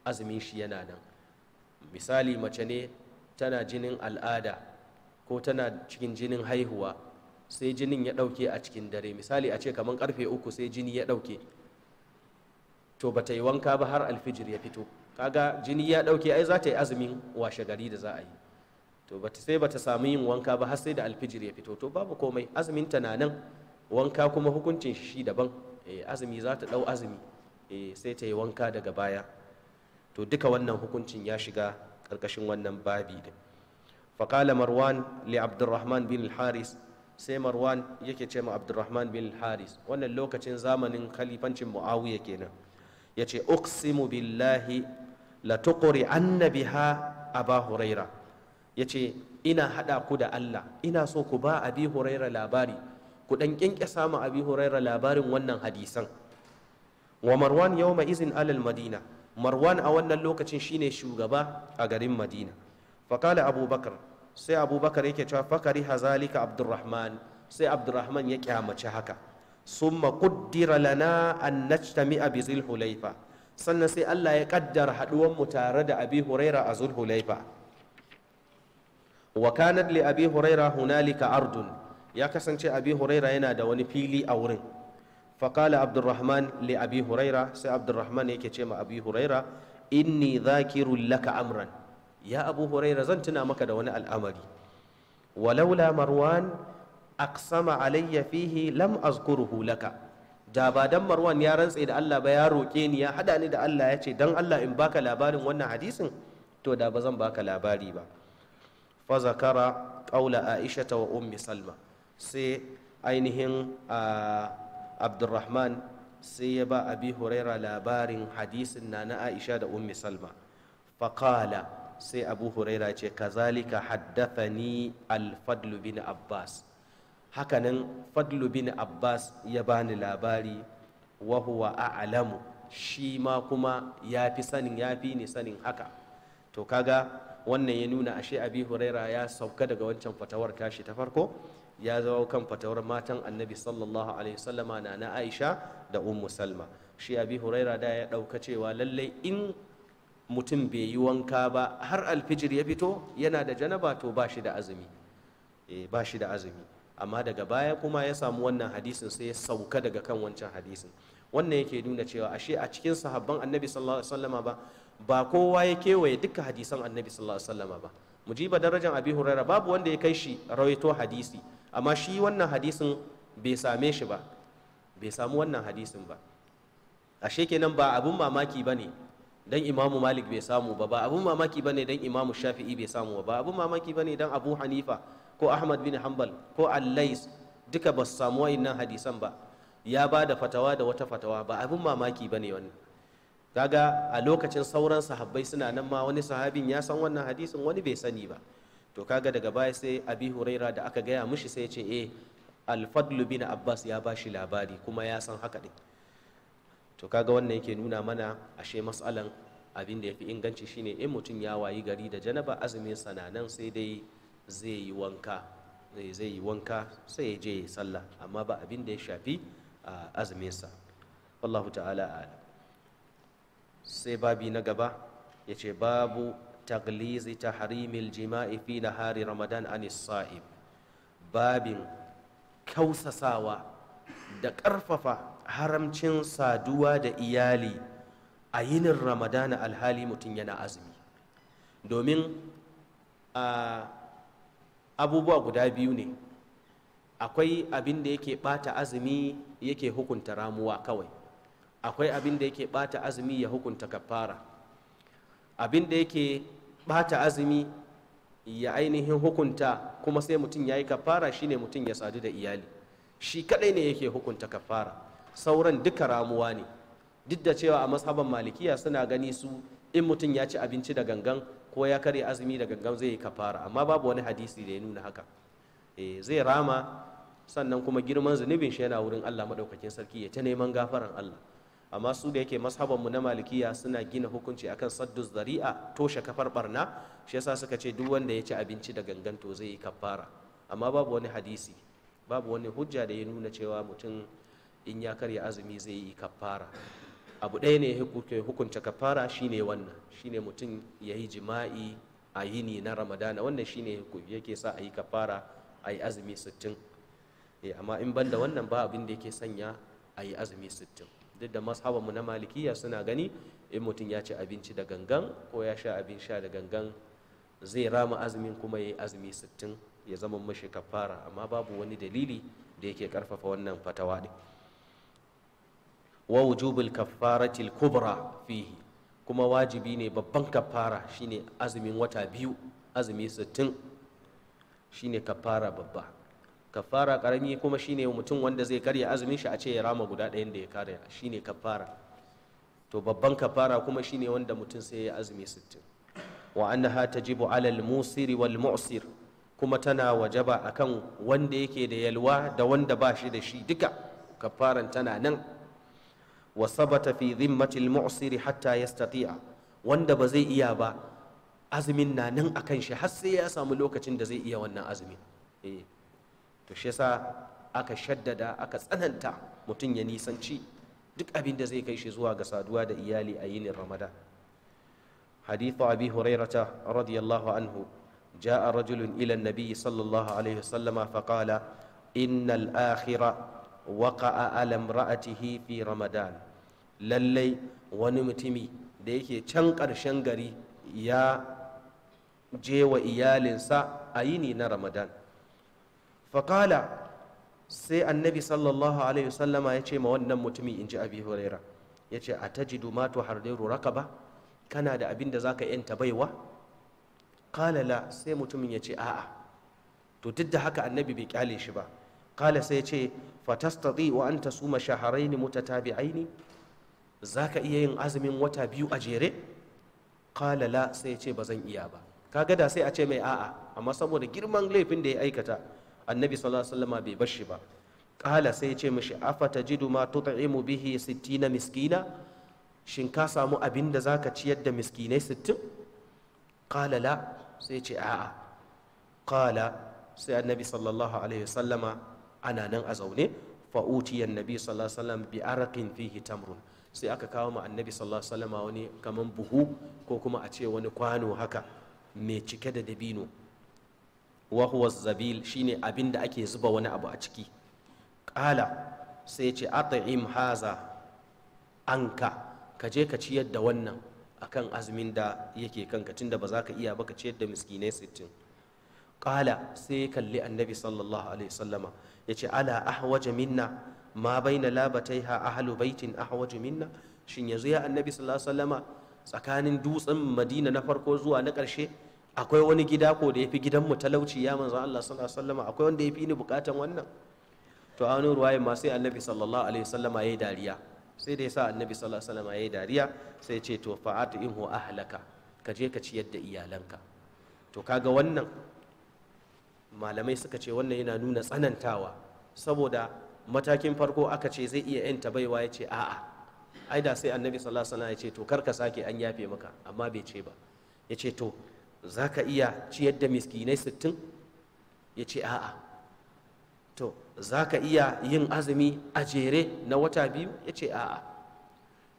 azumin shi yana nan misali mace ne tana jinin al'ada ko tana cikin jinin haihuwa sai jinin ya ɗauke a cikin dare misali a ce kamar karfe uku sai jini ya ɗauke to ba ta yi wanka ba har alfijir ya fito kaga jini ya ɗauke ai za ta yi azumin washe gari da za a yi to sai bata samu yin wanka ba har sai da alfijir ya fito to babu komai azumin ta nan wanka kuma hukuncin shi daban eh, azumi za ta dau azumi eh, sai ta yi wanka daga baya to duka wannan hukuncin ya shiga karkashin wannan babi din faqala marwan li abdurrahman bin al-haris sai marwan yake ce ma abdurrahman bin haris wannan lokacin zamanin khalifancin muawiya kenan ya ce uqsimu billahi la tuqri annabiha aba huraira ya ce ina haɗa ku da Allah ina so ku ba abi huraira labari ku ɗan ƙinƙe samun abi huraira labarin wannan hadisan wa marwan yau izin alal madina marwan a wannan lokacin shine shugaba a garin madina faƙala abubakar sai abubakar yake cewa fakari hazalika abdurrahman sai abdurrahman ya kyamaci haka summa kuddira lana an najtami'a bi Hulaifa sannan sai Allah ya kaddara haɗuwan mu tare da abi huraira a zulhulaifa wa kanat li abi huraira hunalika ardun ya kasance abi huraira yana da wani fili a wurin faƙala abdurrahman li abi huraira sai abdurrahman yake ce ma abi huraira inni zakirun laka amran ya abu huraira zan tuna maka da wani al'amari walaula marwan aqsama alayya fihi lam azkuruhu laka da ba dan marwan ya rantse da Allah ba ya roke ni ya hada ni da Allah ya ce dan Allah in baka labarin wannan hadisin to da ba zan baka labari ba fa zakara aisha aisha wa ummi salma sai ainihin abdurrahman sai ya ba abi huraira labarin hadisin na na aisha da ummi salma faƙala sai abu huraira ce kazalika haddathani al-fadlu bin abbas hakanan fadlu bin abbas ya bani labari wa huwa a'lamu shi ma kuma ya fi sanin ya fi ni sanin haka to kaga wannan ya nuna ashe abi huraira ya sauka daga wancan fatawar tashi ta farko ya zama kan fatawar matan annabi sallallahu alaihi wasallama na na aisha da ummu salma shi abi huraira da ya ɗauka cewa lallai in mutum bai yi wanka ba har alfijir ya fito yana da janaba to ba shi da azumi eh, ba shi da azumi amma daga baya kuma ya samu wannan hadisin sai ya sauka daga kan wancan hadisin wannan yake nuna cewa ashe a cikin sahabban annabi sallallahu alaihi wasallama ba ba kowa ya kewaye duka hadisan annabi sallallahu alaihi wasallama ba mujiba darajar abi huraira babu wanda ya kai shi rawaito hadisi amma shi wannan hadisin bai same shi ba bai samu wannan hadisin ba ashe kenan ba abun mamaki ba ne dan imamu malik bai samu ba ba abun mamaki ba ne dan imamu shafi'i bai samu ba ba abun mamaki ba ne dan abu hanifa ko ahmad bin hanbal ko allais duka ba su samu wa'innan hadisan ba ya ba da fatawa da wata fatawa ba abun mamaki ba ne wannan kaga a lokacin sauran sahabbai suna nan ma wani sahabin ya san wannan hadisin wani bai sani ba to kaga daga baya sai abi huraira da aka gaya mishi sai ce eh alfadlu bin abbas ya bashi labari kuma ya san haka din to kaga wannan yake nuna mana ashe matsalan abin da ya inganci shine in mutum ya wayi gari da janaba azumin sananan sai dai zai yi wanka eh, zai yi wanka sai ya je sallah amma ba abin da ya shafi ah, sa wallahu ta'ala a'lam sai babi na gaba ya ce babu taglizi Harimil jima'i fi hari ramadan anis sa'ib babin kausasawa da ƙarfafa haramcin saduwa da iyali a yinin ramadana alhali mutum yana azumi domin a abubuwa guda biyu ne akwai abin da yake ɓata azumi yake hukunta ramuwa kawai akwai abin da yake bata azumi ya hukunta kafara abin da yake bata azumi ya ainihin hukunta kuma sai mutum ya yi kafara shine mutum ya sadu da iyali shi kadai ne yake hukunta kafara sauran duka ramuwa ne duk da cewa a mashaban malikiya suna gani su in mutum ya ci abinci da gangan ko ya karya azumi da gangan zai yi kafara amma babu wani hadisi da ya nuna haka eh, zai rama sannan kuma girman zunubin shi yana wurin Allah madaukakin sarki ya ta neman gafaran Allah amma su da yake mu na malikiya suna gina hukunci akan saddu zari'a toshe kafar barna shi yasa suka ce duk wanda ya ci abinci da ganganto zai yi kafara amma babu wani hadisi babu wani hujja da ya nuna cewa mutum in ya karya azumi zai yi kafara abu ɗaya ne ya hukunta kafara shine wannan shine mutum ya yi jima'i a yini na ramadana wannan shine yake sa a yi kafara a yi azumi sittin eh, amma in banda wannan ba abin da yake sanya a yi azumi sittin duk da mashabanmu na malikiya suna gani in mutum ya ci abinci da gangan ko ya sha abin sha da gangan zai rama azumin kuma ya yi azumi sittin ya zama mashi kafara amma babu wani dalili da yake karfafa wannan fatawa din wa wujubul kaffaratil kubra fihi kuma wajibi ne babban kafara shine azumin wata biyu azumi sittin shine kafara babba kafara karami kuma shine mutum wanda zai karya azumin shi a ce ya rama guda ɗayan da ya karya shine kafara to babban kafara kuma shine wanda mutum sai ya azumi sittin wa annaha tajibu alal musiri wal mu'sir kuma tana wajaba akan wanda yake da yalwa da wanda ba shi da shi duka kafaran tana nan wa sabata fi dhimmatil mu'siri hatta yastati'a wanda ba zai iya ba azumin na nan akan shi har sai ya samu lokacin da zai iya wannan azumin eh to shi yasa aka shaddada aka tsananta mutum ya nisanci duk abin da zai kai shi zuwa ga saduwa da iyali a yinin ramadan hadithu abi hurairata radiyallahu anhu جاء رجل إلى النبي صلى الله عليه وسلم فقال إن الآخرة وقع على امرأته ramadan رمضان wani mutumi da yake can ƙarshen gari ya je wa iyalinsa a yini na ramadan faƙala sai annabi sallallahu alaihi wasallama ya ce ma wannan mutumin in ji abi huraira ya ce a ta jidu ma tuharriru rakaba kana da abin da za ka yanta baiwa ƙala la sai mutumin ya ce a'a to duk da haka annabi bai kyale shi ba ƙala sai ya ce fatastati wa an ta shaharaini mutatabi'aini za ka iya yin azumin wata biyu a jere ƙala sai ya ce ba zan iya ba kaga da sai a ce mai a'a amma saboda girman laifin da ya aikata annabi sallallahu alaihi wasallama bai bar shi ba kala sai ya ce mishi afatajidu ma tut'imu bihi 60 miskina shin ka samu abin da zaka ciyar da miskinai 60 qala la sai ya ce a'a qala sai annabi sallallahu alaihi wasallama ana nan a zaune fa utiya annabi sallallahu alaihi wasallam bi araqin fihi tamrun sai aka kawo ma annabi sallallahu alaihi wasallama wani kaman buhu ko kuma a ce wani kwano haka mai cike da dabino wa zabil shine abin da ake zuba wani abu a ciki Kala sai ce at'im haza anka ka je ka ciyar da wannan akan azumin da yake kanka tunda ba za ka iya ba ka ciyar da miskinai sittin. Ƙala sai kalli annabi sallallahu alaihi ya yace ala ahwaja minna ma baina labataiha ahlu baitin ahwaja minna shin yanzu ya annabi sallallahu alaihi wasallama tsakanin dutsen madina na farko zuwa na ƙarshe akwai wani gida ko da ya fi gidanmu talauci ya manzo Allah sallallahu alaihi wasallam akwai wanda ya fi ni bukatan wannan to a wani ruwaya ma sai annabi sallallahu alaihi wasallam yayi dariya sai da yasa annabi sallallahu alaihi wasallam yayi dariya sai ya ce to fa'atu inhu ahlaka ka je ka ciyar da iyalanka to kaga wannan malamai suka ce wannan yana nuna tsanantawa saboda matakin farko aka ce zai iya yanta baiwa ya ce a'a ai da sai annabi sallallahu alaihi wasallam ya ce to kar ka sake an yafe maka amma bai ce ba ya ce to za ka iya ciyar da miskinai sittin ya ce a'a to za ka iya yin azumi a jere na wata biyu ya ce a'a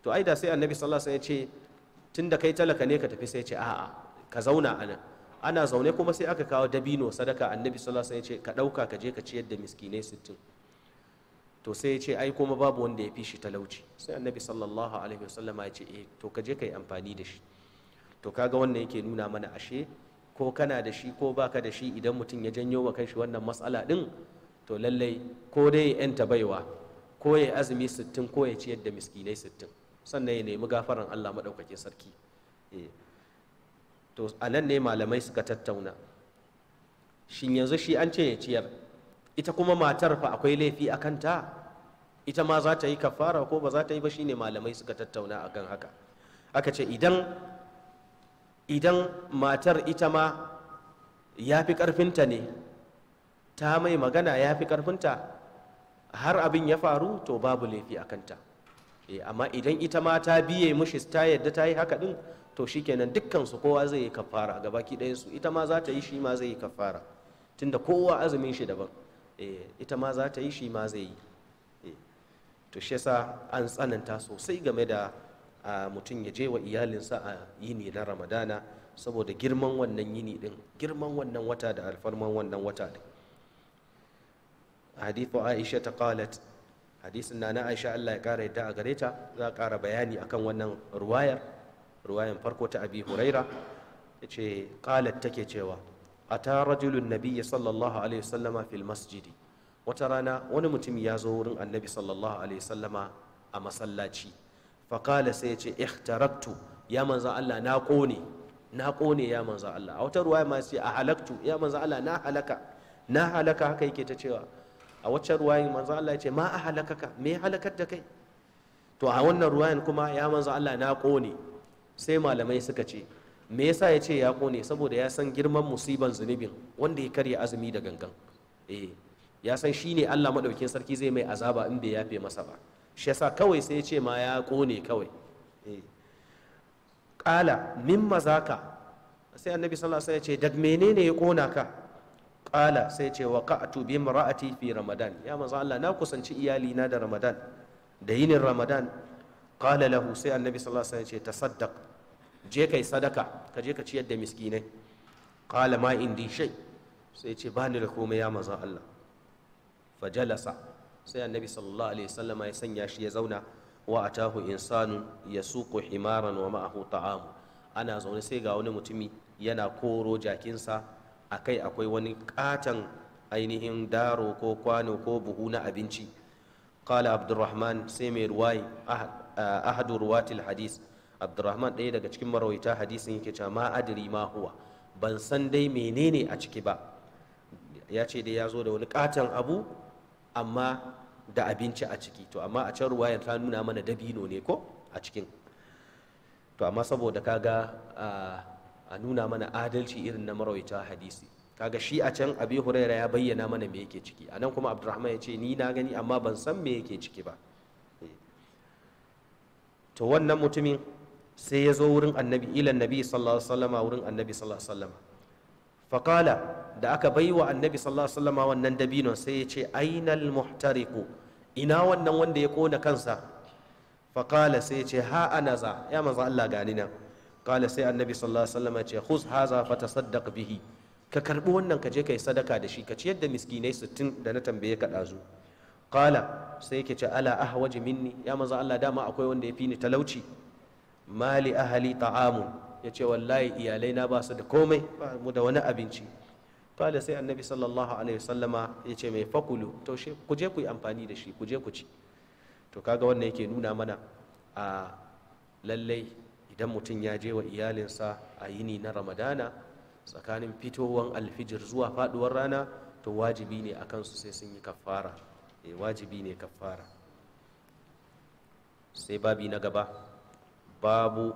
to ai da sai annabi sallallahu alaihi wasallam ya ce tun da kai talaka ne ka tafi sai ce a'a ka zauna a nan ana zaune kuma sai aka kawo dabino sadaka annabi sallallahu alaihi wasallam ya ce ka dauka ka je ka ciyar da miskinai sittin to sai ya ce ai kuma babu wanda ya fi shi talauci sai annabi sallallahu alaihi wasallam ya ce eh to ka je ka yi amfani da shi to kaga wannan yake nuna mana ashe ko kana da shi ko baka da shi idan mutum ya janyo wa shi wannan matsala din to lallai ko dai ya yanta baiwa ko ya azumi sittin ko ya ciyar da miskinai sittin sannan ya nemi gafaran Allah maɗaukakin sarki eh. to a nan ne malamai suka tattauna shin yanzu shi an ce ya ciyar ita kuma matar fa akwai laifi a kanta ita ma za ta yi kafara ko ba za ta yi ba shine malamai suka tattauna akan haka aka ce idan idan matar ita ma ya fi ƙarfinta ne ta mai magana ya fi ƙarfinta har abin ya faru to babu laifi a kanta e, amma idan ita ma ta biye mushi ta yadda ta yi haka ɗin to shikenan dukkan su kowa zai yi kafara ga baki ɗayan su ita ma za ta yi shi ma zai yi kafara tunda kowa azumin shi daban e, ita ma za ta yi shi ma zai yi e, to shi yasa an tsananta sosai game da a mutum ya je wa iyalinsa a yini na ramadana saboda girman wannan yini din girman wannan wata da alfarman wannan wata din hadithu aisha ta qalat hadisin na na aisha Allah ya kara yadda a gare ta za a kara bayani akan wannan ruwayar ruwayan farko ta abi huraira Ya ce qalat take cewa a ta rajulun nabiyyi sallallahu alaihi wasallama fil masjidi wata rana wani mutum ya zo wurin annabi sallallahu alaihi wasallama a masallaci faƙala sai ya ce ihtaraktu ya manzan Allah na ƙone na ƙone ya manzan Allah a wata ruwaya ma sai a halaktu ya manzan Allah na halaka na halaka haka yake ta cewa a wacce ruwaya manzan Allah ya ce ma a halakaka me halakar da kai to a wannan ruwayan kuma ya manzan Allah na ƙone sai malamai suka ce me yasa ya ce ya ƙone saboda ya san girman musiban zunubin wanda ya karya azumi da gangan eh ya san shine Allah madaukin sarki zai mai azaba in bai yafe masa ba shi yasa kawai sai ce ma ya kone kawai eh. ƙala min mazaka sai annabi sallallahu alaihi wasallam ya ce dag menene ya kona ka ƙala sai ce wa qa'tu bi imra'ati fi ramadan ya manzo Allah na kusanci iyali na da ramadan da yinin ramadan kala lahu sai annabi sallallahu alaihi wasallam ya ce tasaddaq je kai sadaka ka je ka ciyar da miskinai kala ma indi shay sai ce ba ni da komai ya manzo Allah fajalasa sai annabi sallallahu alaihi wasallam ya sanya shi ya zauna wa atahu insanu yasuqu himaran wa ma'ahu ta'amu ana zaune sai ga wani mutumi yana koro jakinsa akai akwai wani katan ainihin daro ko kwano ko buhu na abinci qala abdurrahman sai mai ruwai eh, ahadu ruwatil hadis abdurrahman ɗaya daga cikin marawaita hadisin yake cewa ma adri ma huwa ban san dai menene a ciki ba ya ce dai ya zo da wani katon abu amma da abinci a ciki to amma a can ruwayar ta nuna mana dabino ne ko a cikin to amma saboda kaga a nuna mana adalci irin na marawaita hadisi kaga shi a can abi huraira ya bayyana mana me yake ciki anan kuma abdurrahman ya ce ni na gani amma ban san me yake ciki ba eh. to wannan mutumin sai ya zo wurin annabi ilan nabi sallallahu alaihi wasallama wurin annabi sallallahu alaihi faƙala da aka bai wa annabi sallallahu alaihi wasallam wannan dabinon sai ya ce ainal muhtariku ina wannan wanda ya kona kansa faƙala sai ya ce ha anaza ya manzo Allah gani nan qala sai annabi sallallahu alaihi wasallam ya ce khuz haza fatasaddaq bihi ka karbi wannan ka je kai sadaka da shi ka ciyar da miskinai 60 da na tambaye ka dazu qala sai yake ce ala ahwaji minni ya manzo Allah dama akwai wanda ya fi ni talauci mali ahli ta'amun ya ce wallahi iyalai na ba su da komai ba mu da wani abinci kala sai annabi sallallahu alaihi wasallama ya ce mai fakulu to ku je ku yi amfani da shi ku je ku ci to kaga wannan yake nuna mana a lallai idan mutum ya je wa iyalinsa a yini na ramadana tsakanin fitowar alfijir zuwa faduwar rana to wajibi ne a kansu sai sun yi kafara eh, wajibi ne kafara sai babi na gaba babu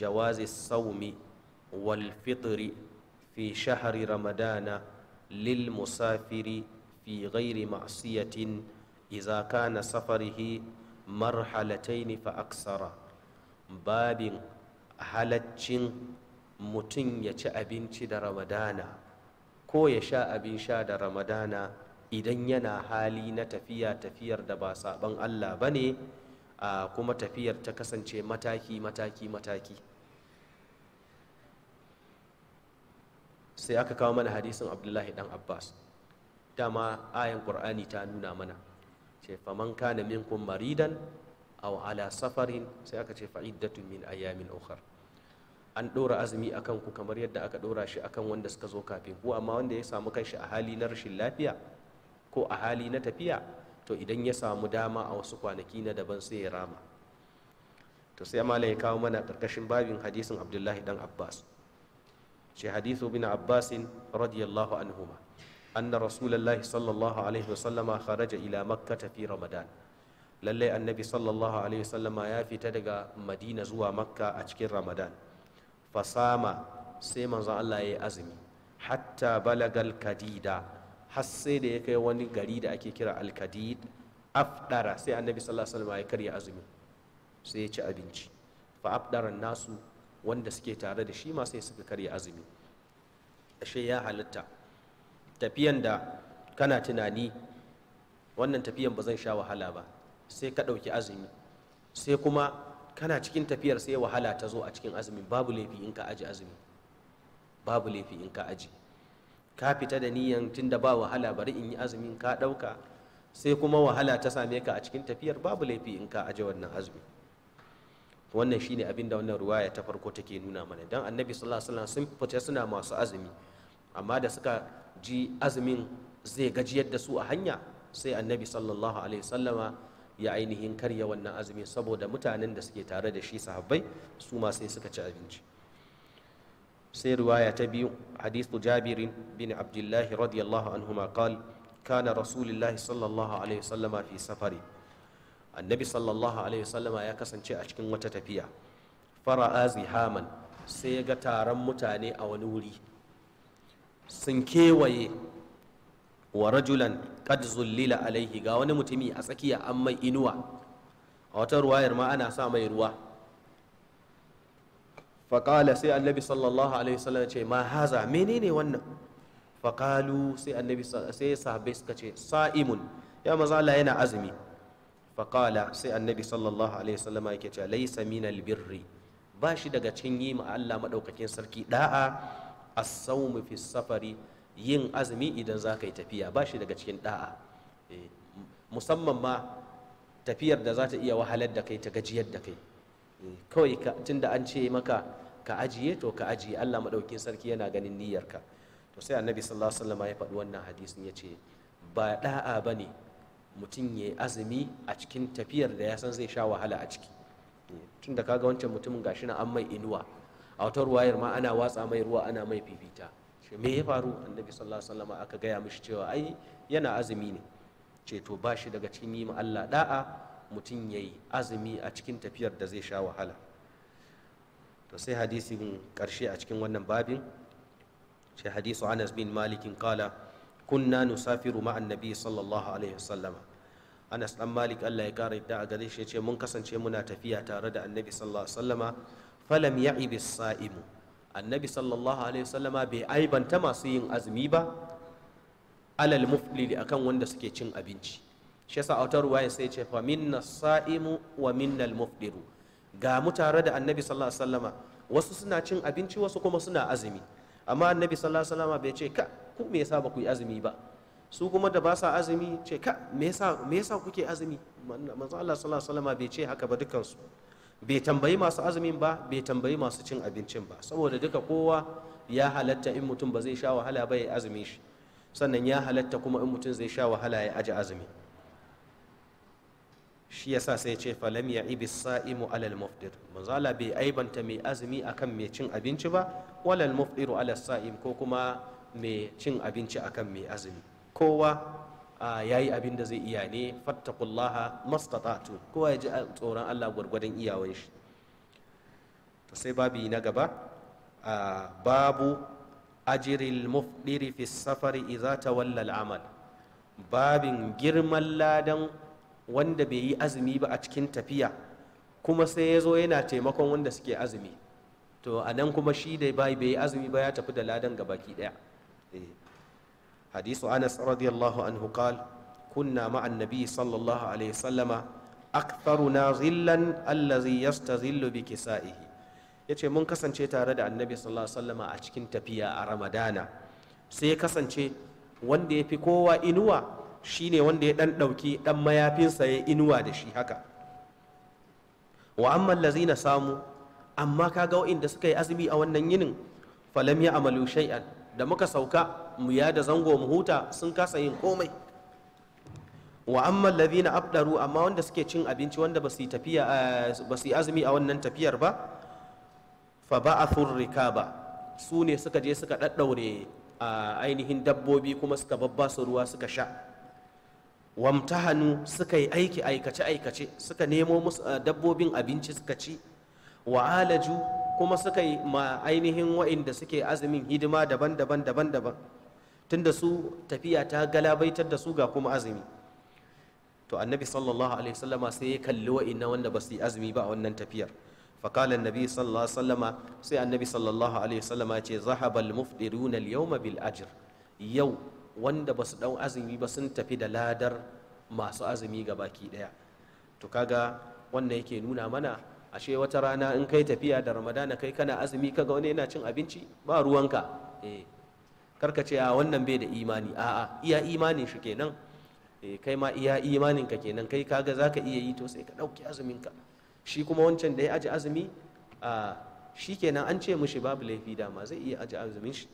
جواز الصوم والفطر في شهر رمضان للمسافر في غير معصية إذا كان سفره مرحلتين فأكثر باب halaccin mutum ya ci abinci da ramadana ko ya sha abin sha da ramadana idan yana hali na tafiya tafiyar da ba saban Allah ba ne kuma tafiyar ta kasance mataki mataki mataki sai aka kawo mana hadisin abdullahi dan abbas dama ayan qur'ani ta nuna mana ce faman kana minkum maridan aw ala safarin sai aka ce fa'iddatun min ayamin ukhar an ɗora azumi a kanku kamar yadda aka ɗora shi akan kan wanda suka zo kafin ku amma wanda ya samu kanshi a hali na rashin lafiya ko a hali na tafiya to idan ya samu dama a wasu kwanaki na daban sai ya rama to sai malam ya kawo mana karkashin babin hadisin abdullahi dan abbas shi hadisu bin abbasin radiyallahu anhuma anna rasulullahi sallallahu alaihi wasallama kharaja ila Makka fi ramadan lallai annabi sallallahu alaihi wasallama ya fita daga madina zuwa makka a cikin ramadan fasama sai manzon allah ya yi azumi hatta balagal kadida har sai da ya kai wani gari da ake kira alkadid afdara sai annabi sallallahu alaihi wasallam ya karya azumi sai ya ci abinci fa afdara nasu wanda suke tare da shi ma sai suka karya azumi ashe ya halitta tafiyan da kana tunani wannan tafiyan ba zan sha wahala ba sai ka ɗauki azumi sai kuma kana cikin tafiyar sai wahala ta zo a cikin azumi babu laifi in ka aji azumi babu laifi in ka aji ka fita da niyan da ba wahala bari in yi azumin ka ɗauka sai kuma wahala ta same ka a cikin tafiyar babu laifi in ka aje wannan azumi wannan shine abin da wannan ruwaya ta farko take nuna mana dan annabi sallallahu alaihi wasallam sun fita suna masu azumi amma da suka ji azumin zai gajiyar da su a hanya sai annabi sallallahu alaihi wasallama ya ainihin karya wannan azumi saboda mutanen da suke tare da shi sahabbai su ma sai suka ci abinci sai riwaya ta biyu hadithu jabir bin abdullahi radiyallahu anhuma qal kana rasulullahi sallallahu alaihi fi safari annabi sallallahu alaihi ya kasance a cikin wata tafiya fara'a sai ya ga taron mutane a wani wuri sun kewaye wa rajulan qad zullila alaihi ga wani mutumi a tsakiya an mai inuwa a wata ruwayar ma ana sa mai ruwa faƙala sai annabi sallallahu alaihi wasallam ce ma haza menene wannan faƙalu sai annabi sai sahabbai suka ce sa'imun ya maza Allah yana azumi faƙala sai annabi sallallahu alaihi wasallam yake ce laisa minal birri ba shi daga cin yi ma Allah madaukakin sarki da'a as-sawm fi safari yin azumi idan za ka yi tafiya ba shi daga cikin da'a musamman ma tafiyar da za ta iya wahalar da kai ta gajiyar da kai kawai tun da an ce maka ka ajiye to ka ajiye Allah maɗaukin sarki yana ganin niyyarka to sai annabi sallallahu alaihi wasallam ya faɗi wannan hadisin ya ce ba da'a ba ne mutum ya azumi a cikin tafiyar da ya san zai sha wahala a ciki eh, tun da kaga wancan mutumin gashi na an mai inuwa a wata wayar ma ana watsa mai ruwa ana mai fifita shi me ya faru annabi sallallahu alaihi wasallam aka gaya mishi cewa ai yana azumi ne ce to ba shi daga cikin yi Allah da'a mutum ya yi azumi a cikin tafiyar da zai sha wahala to sai hadisin ƙarshe a cikin wannan babin shi hadisu anas bin malikin kala kunna nusafiru ma'an nabi sallallahu alaihi wasallama anas dan malik allah ya kara yadda a gare shi ce mun kasance muna tafiya tare da annabi sallallahu alaihi wasallama falam ya'ibi annabi sallallahu alaihi wasallama bai aibanta masu yin azumi ba alal muflili akan wanda suke cin abinci shi yasa autar ruwaya sai ce fa minna sa'imu wa minnal mufdiru ga mu tare da annabi sallallahu alaihi wasallama wasu suna cin abinci wasu kuma suna azumi amma annabi sallallahu alaihi wasallama bai ce ka ku me yasa ba ku yi azumi ba su kuma da ba sa azumi ce ka me yasa me yasa kuke azumi manzo Allah sallallahu alaihi wasallama bai ce haka ba dukkan su bai tambayi masu azumin ba bai tambayi masu cin abincin ba saboda duka kowa ya halatta in mutum ba zai sha wahala ba ya azumi shi sannan ya halatta kuma in mutum zai sha wahala ya aji azumi shi yasa sai ce falam ya ibi sa'imu alal muftir manzala bai aibanta mai azumi akan mai cin abinci ba walal muftiru alal sa'im ko kuma mai cin abinci akan mai azumi kowa ya yi abin da zai iya ne fattakullaha mastata'tu kowa ya ji tsoron Allah gwargwadon iyawan shi sai babi na gaba babu ajiril mufdiri fi safari idza tawalla al-amal babin girman ladan wanda bai yi azumi ba a cikin tafiya kuma sai ya zo yana taimakon wanda suke azumi to a nan kuma shi da bai bai yi azumi ba ya tafi da ladan ga baki daya eh. hadisu anas radiyallahu anhu qal kunna ma'an nabi sallallahu alaihi sallama aktharuna zillan allazi yastazillu bi kisaihi yace mun kasance tare da annabi sallallahu alaihi sallama a cikin tafiya a ramadana sai ya kasance wanda ya fi kowa inuwa shine wanda ya ɗan ɗauki ɗan mayafinsa ya inuwa da shi haka wa amma na samu amma kaga wa'inda suka yi azumi a wannan yinin falam ya amalu shay'an da muka sauka mu ya da zango mu huta sun kasa yin komai wa amma na abdaru amma wanda suke cin abinci wanda ba su yi eh, azumi a wannan tafiyar ba fa ba'athur ba su ne suka je suka daddaure a ah, ainihin dabbobi kuma suka babba su ruwa suka sha wamtahanu suka yi aiki aikace aikace suka nemo eh, dabbobin abinci suka ci wa alaju kuma suka yi ma ainihin wa'inda suke azumin hidima daban-daban daban-daban tunda su tafiya ta galabaitar da su ga kuma azumi to annabi sallallahu alaihi wasallama sai ya kalli wa'inna wanda ba su yi azumi ba a wannan tafiyar فقال النبي صلى الله عليه وسلم سي النبي صلى الله عليه وسلم ذهب المفطرون اليوم بالأجر يوم wanda ba su ɗau azumi ba sun tafi da ladar masu azumi ga baki daya to kaga wannan yake nuna mana ashe wata rana in kai tafiya da ramadana kai kana azumi kaga wani yana cin abinci ba ruwanka eh karka ce a wannan bai da imani a'a iya imanin shi kenan eh kai ma iya imanin ka kenan kai kaga zaka iya yi to sai ka dauki azumin ka shi kuma wancan da ya aji azumi a shi kenan an ce mishi babu laifi dama zai iya aji azumin shi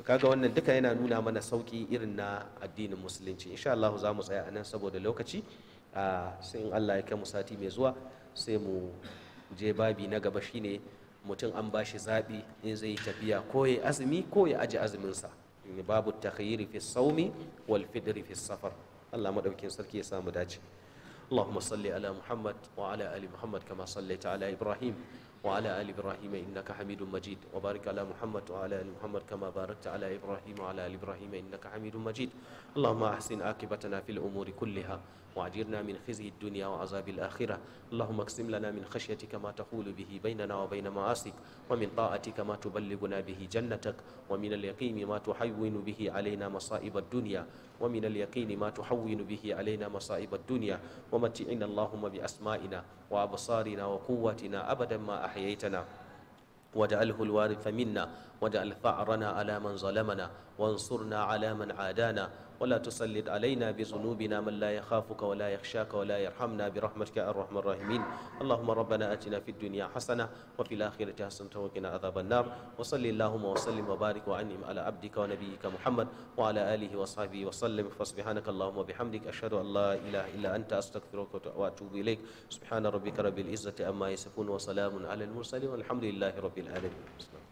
to kaga wannan duka yana nuna mana sauki irin na addinin musulunci insha Allah za mu tsaya anan saboda lokaci ah, sai in Allah ya kai mu sati mai zuwa sai mu je babi na gaba shine mutum an bashi zaɓi in zai tafiya ko ya azumi ko ya aji azuminsa babu takhayyiri fi saumi wal fidri fi safar Allah madaukakin sarki ya samu dace اللهم صل على محمد وعلى ال محمد كما صليت على ابراهيم وعلى آل إبراهيم إنك حميد مجيد وبارك على محمد وعلى آل محمد كما باركت على إبراهيم وعلى آل إبراهيم إنك حميد مجيد اللهم أحسن عاقبتنا في الأمور كلها وأجرنا من خزي الدنيا وعذاب الآخرة اللهم اقسم لنا من خشيتك ما تحول به بيننا وبين معاصيك ومن طاعتك ما تبلغنا به جنتك ومن اليقين ما تحوين به علينا مصائب الدنيا ومن اليقين ما تحوين به علينا مصائب الدنيا ومتعنا اللهم بأسمائنا وأبصارنا وقوتنا أبدا ما أحييتنا واجعله الوارث منا واجعل ثأرنا على من ظلمنا وانصرنا على من عادانا ولا تسلط علينا بذنوبنا من لا يخافك ولا يخشاك ولا يرحمنا برحمتك ارحم الراحمين اللهم ربنا اتنا في الدنيا حسنه وفي الاخره حسنه وقنا عذاب النار وصل اللهم وسلم وبارك وانعم على عبدك ونبيك محمد وعلى اله وصحبه وسلم فسبحانك اللهم وبحمدك اشهد ان لا اله الا انت استغفرك واتوب اليك سبحان ربك رب العزه عما يصفون وسلام على المرسلين والحمد لله رب العالمين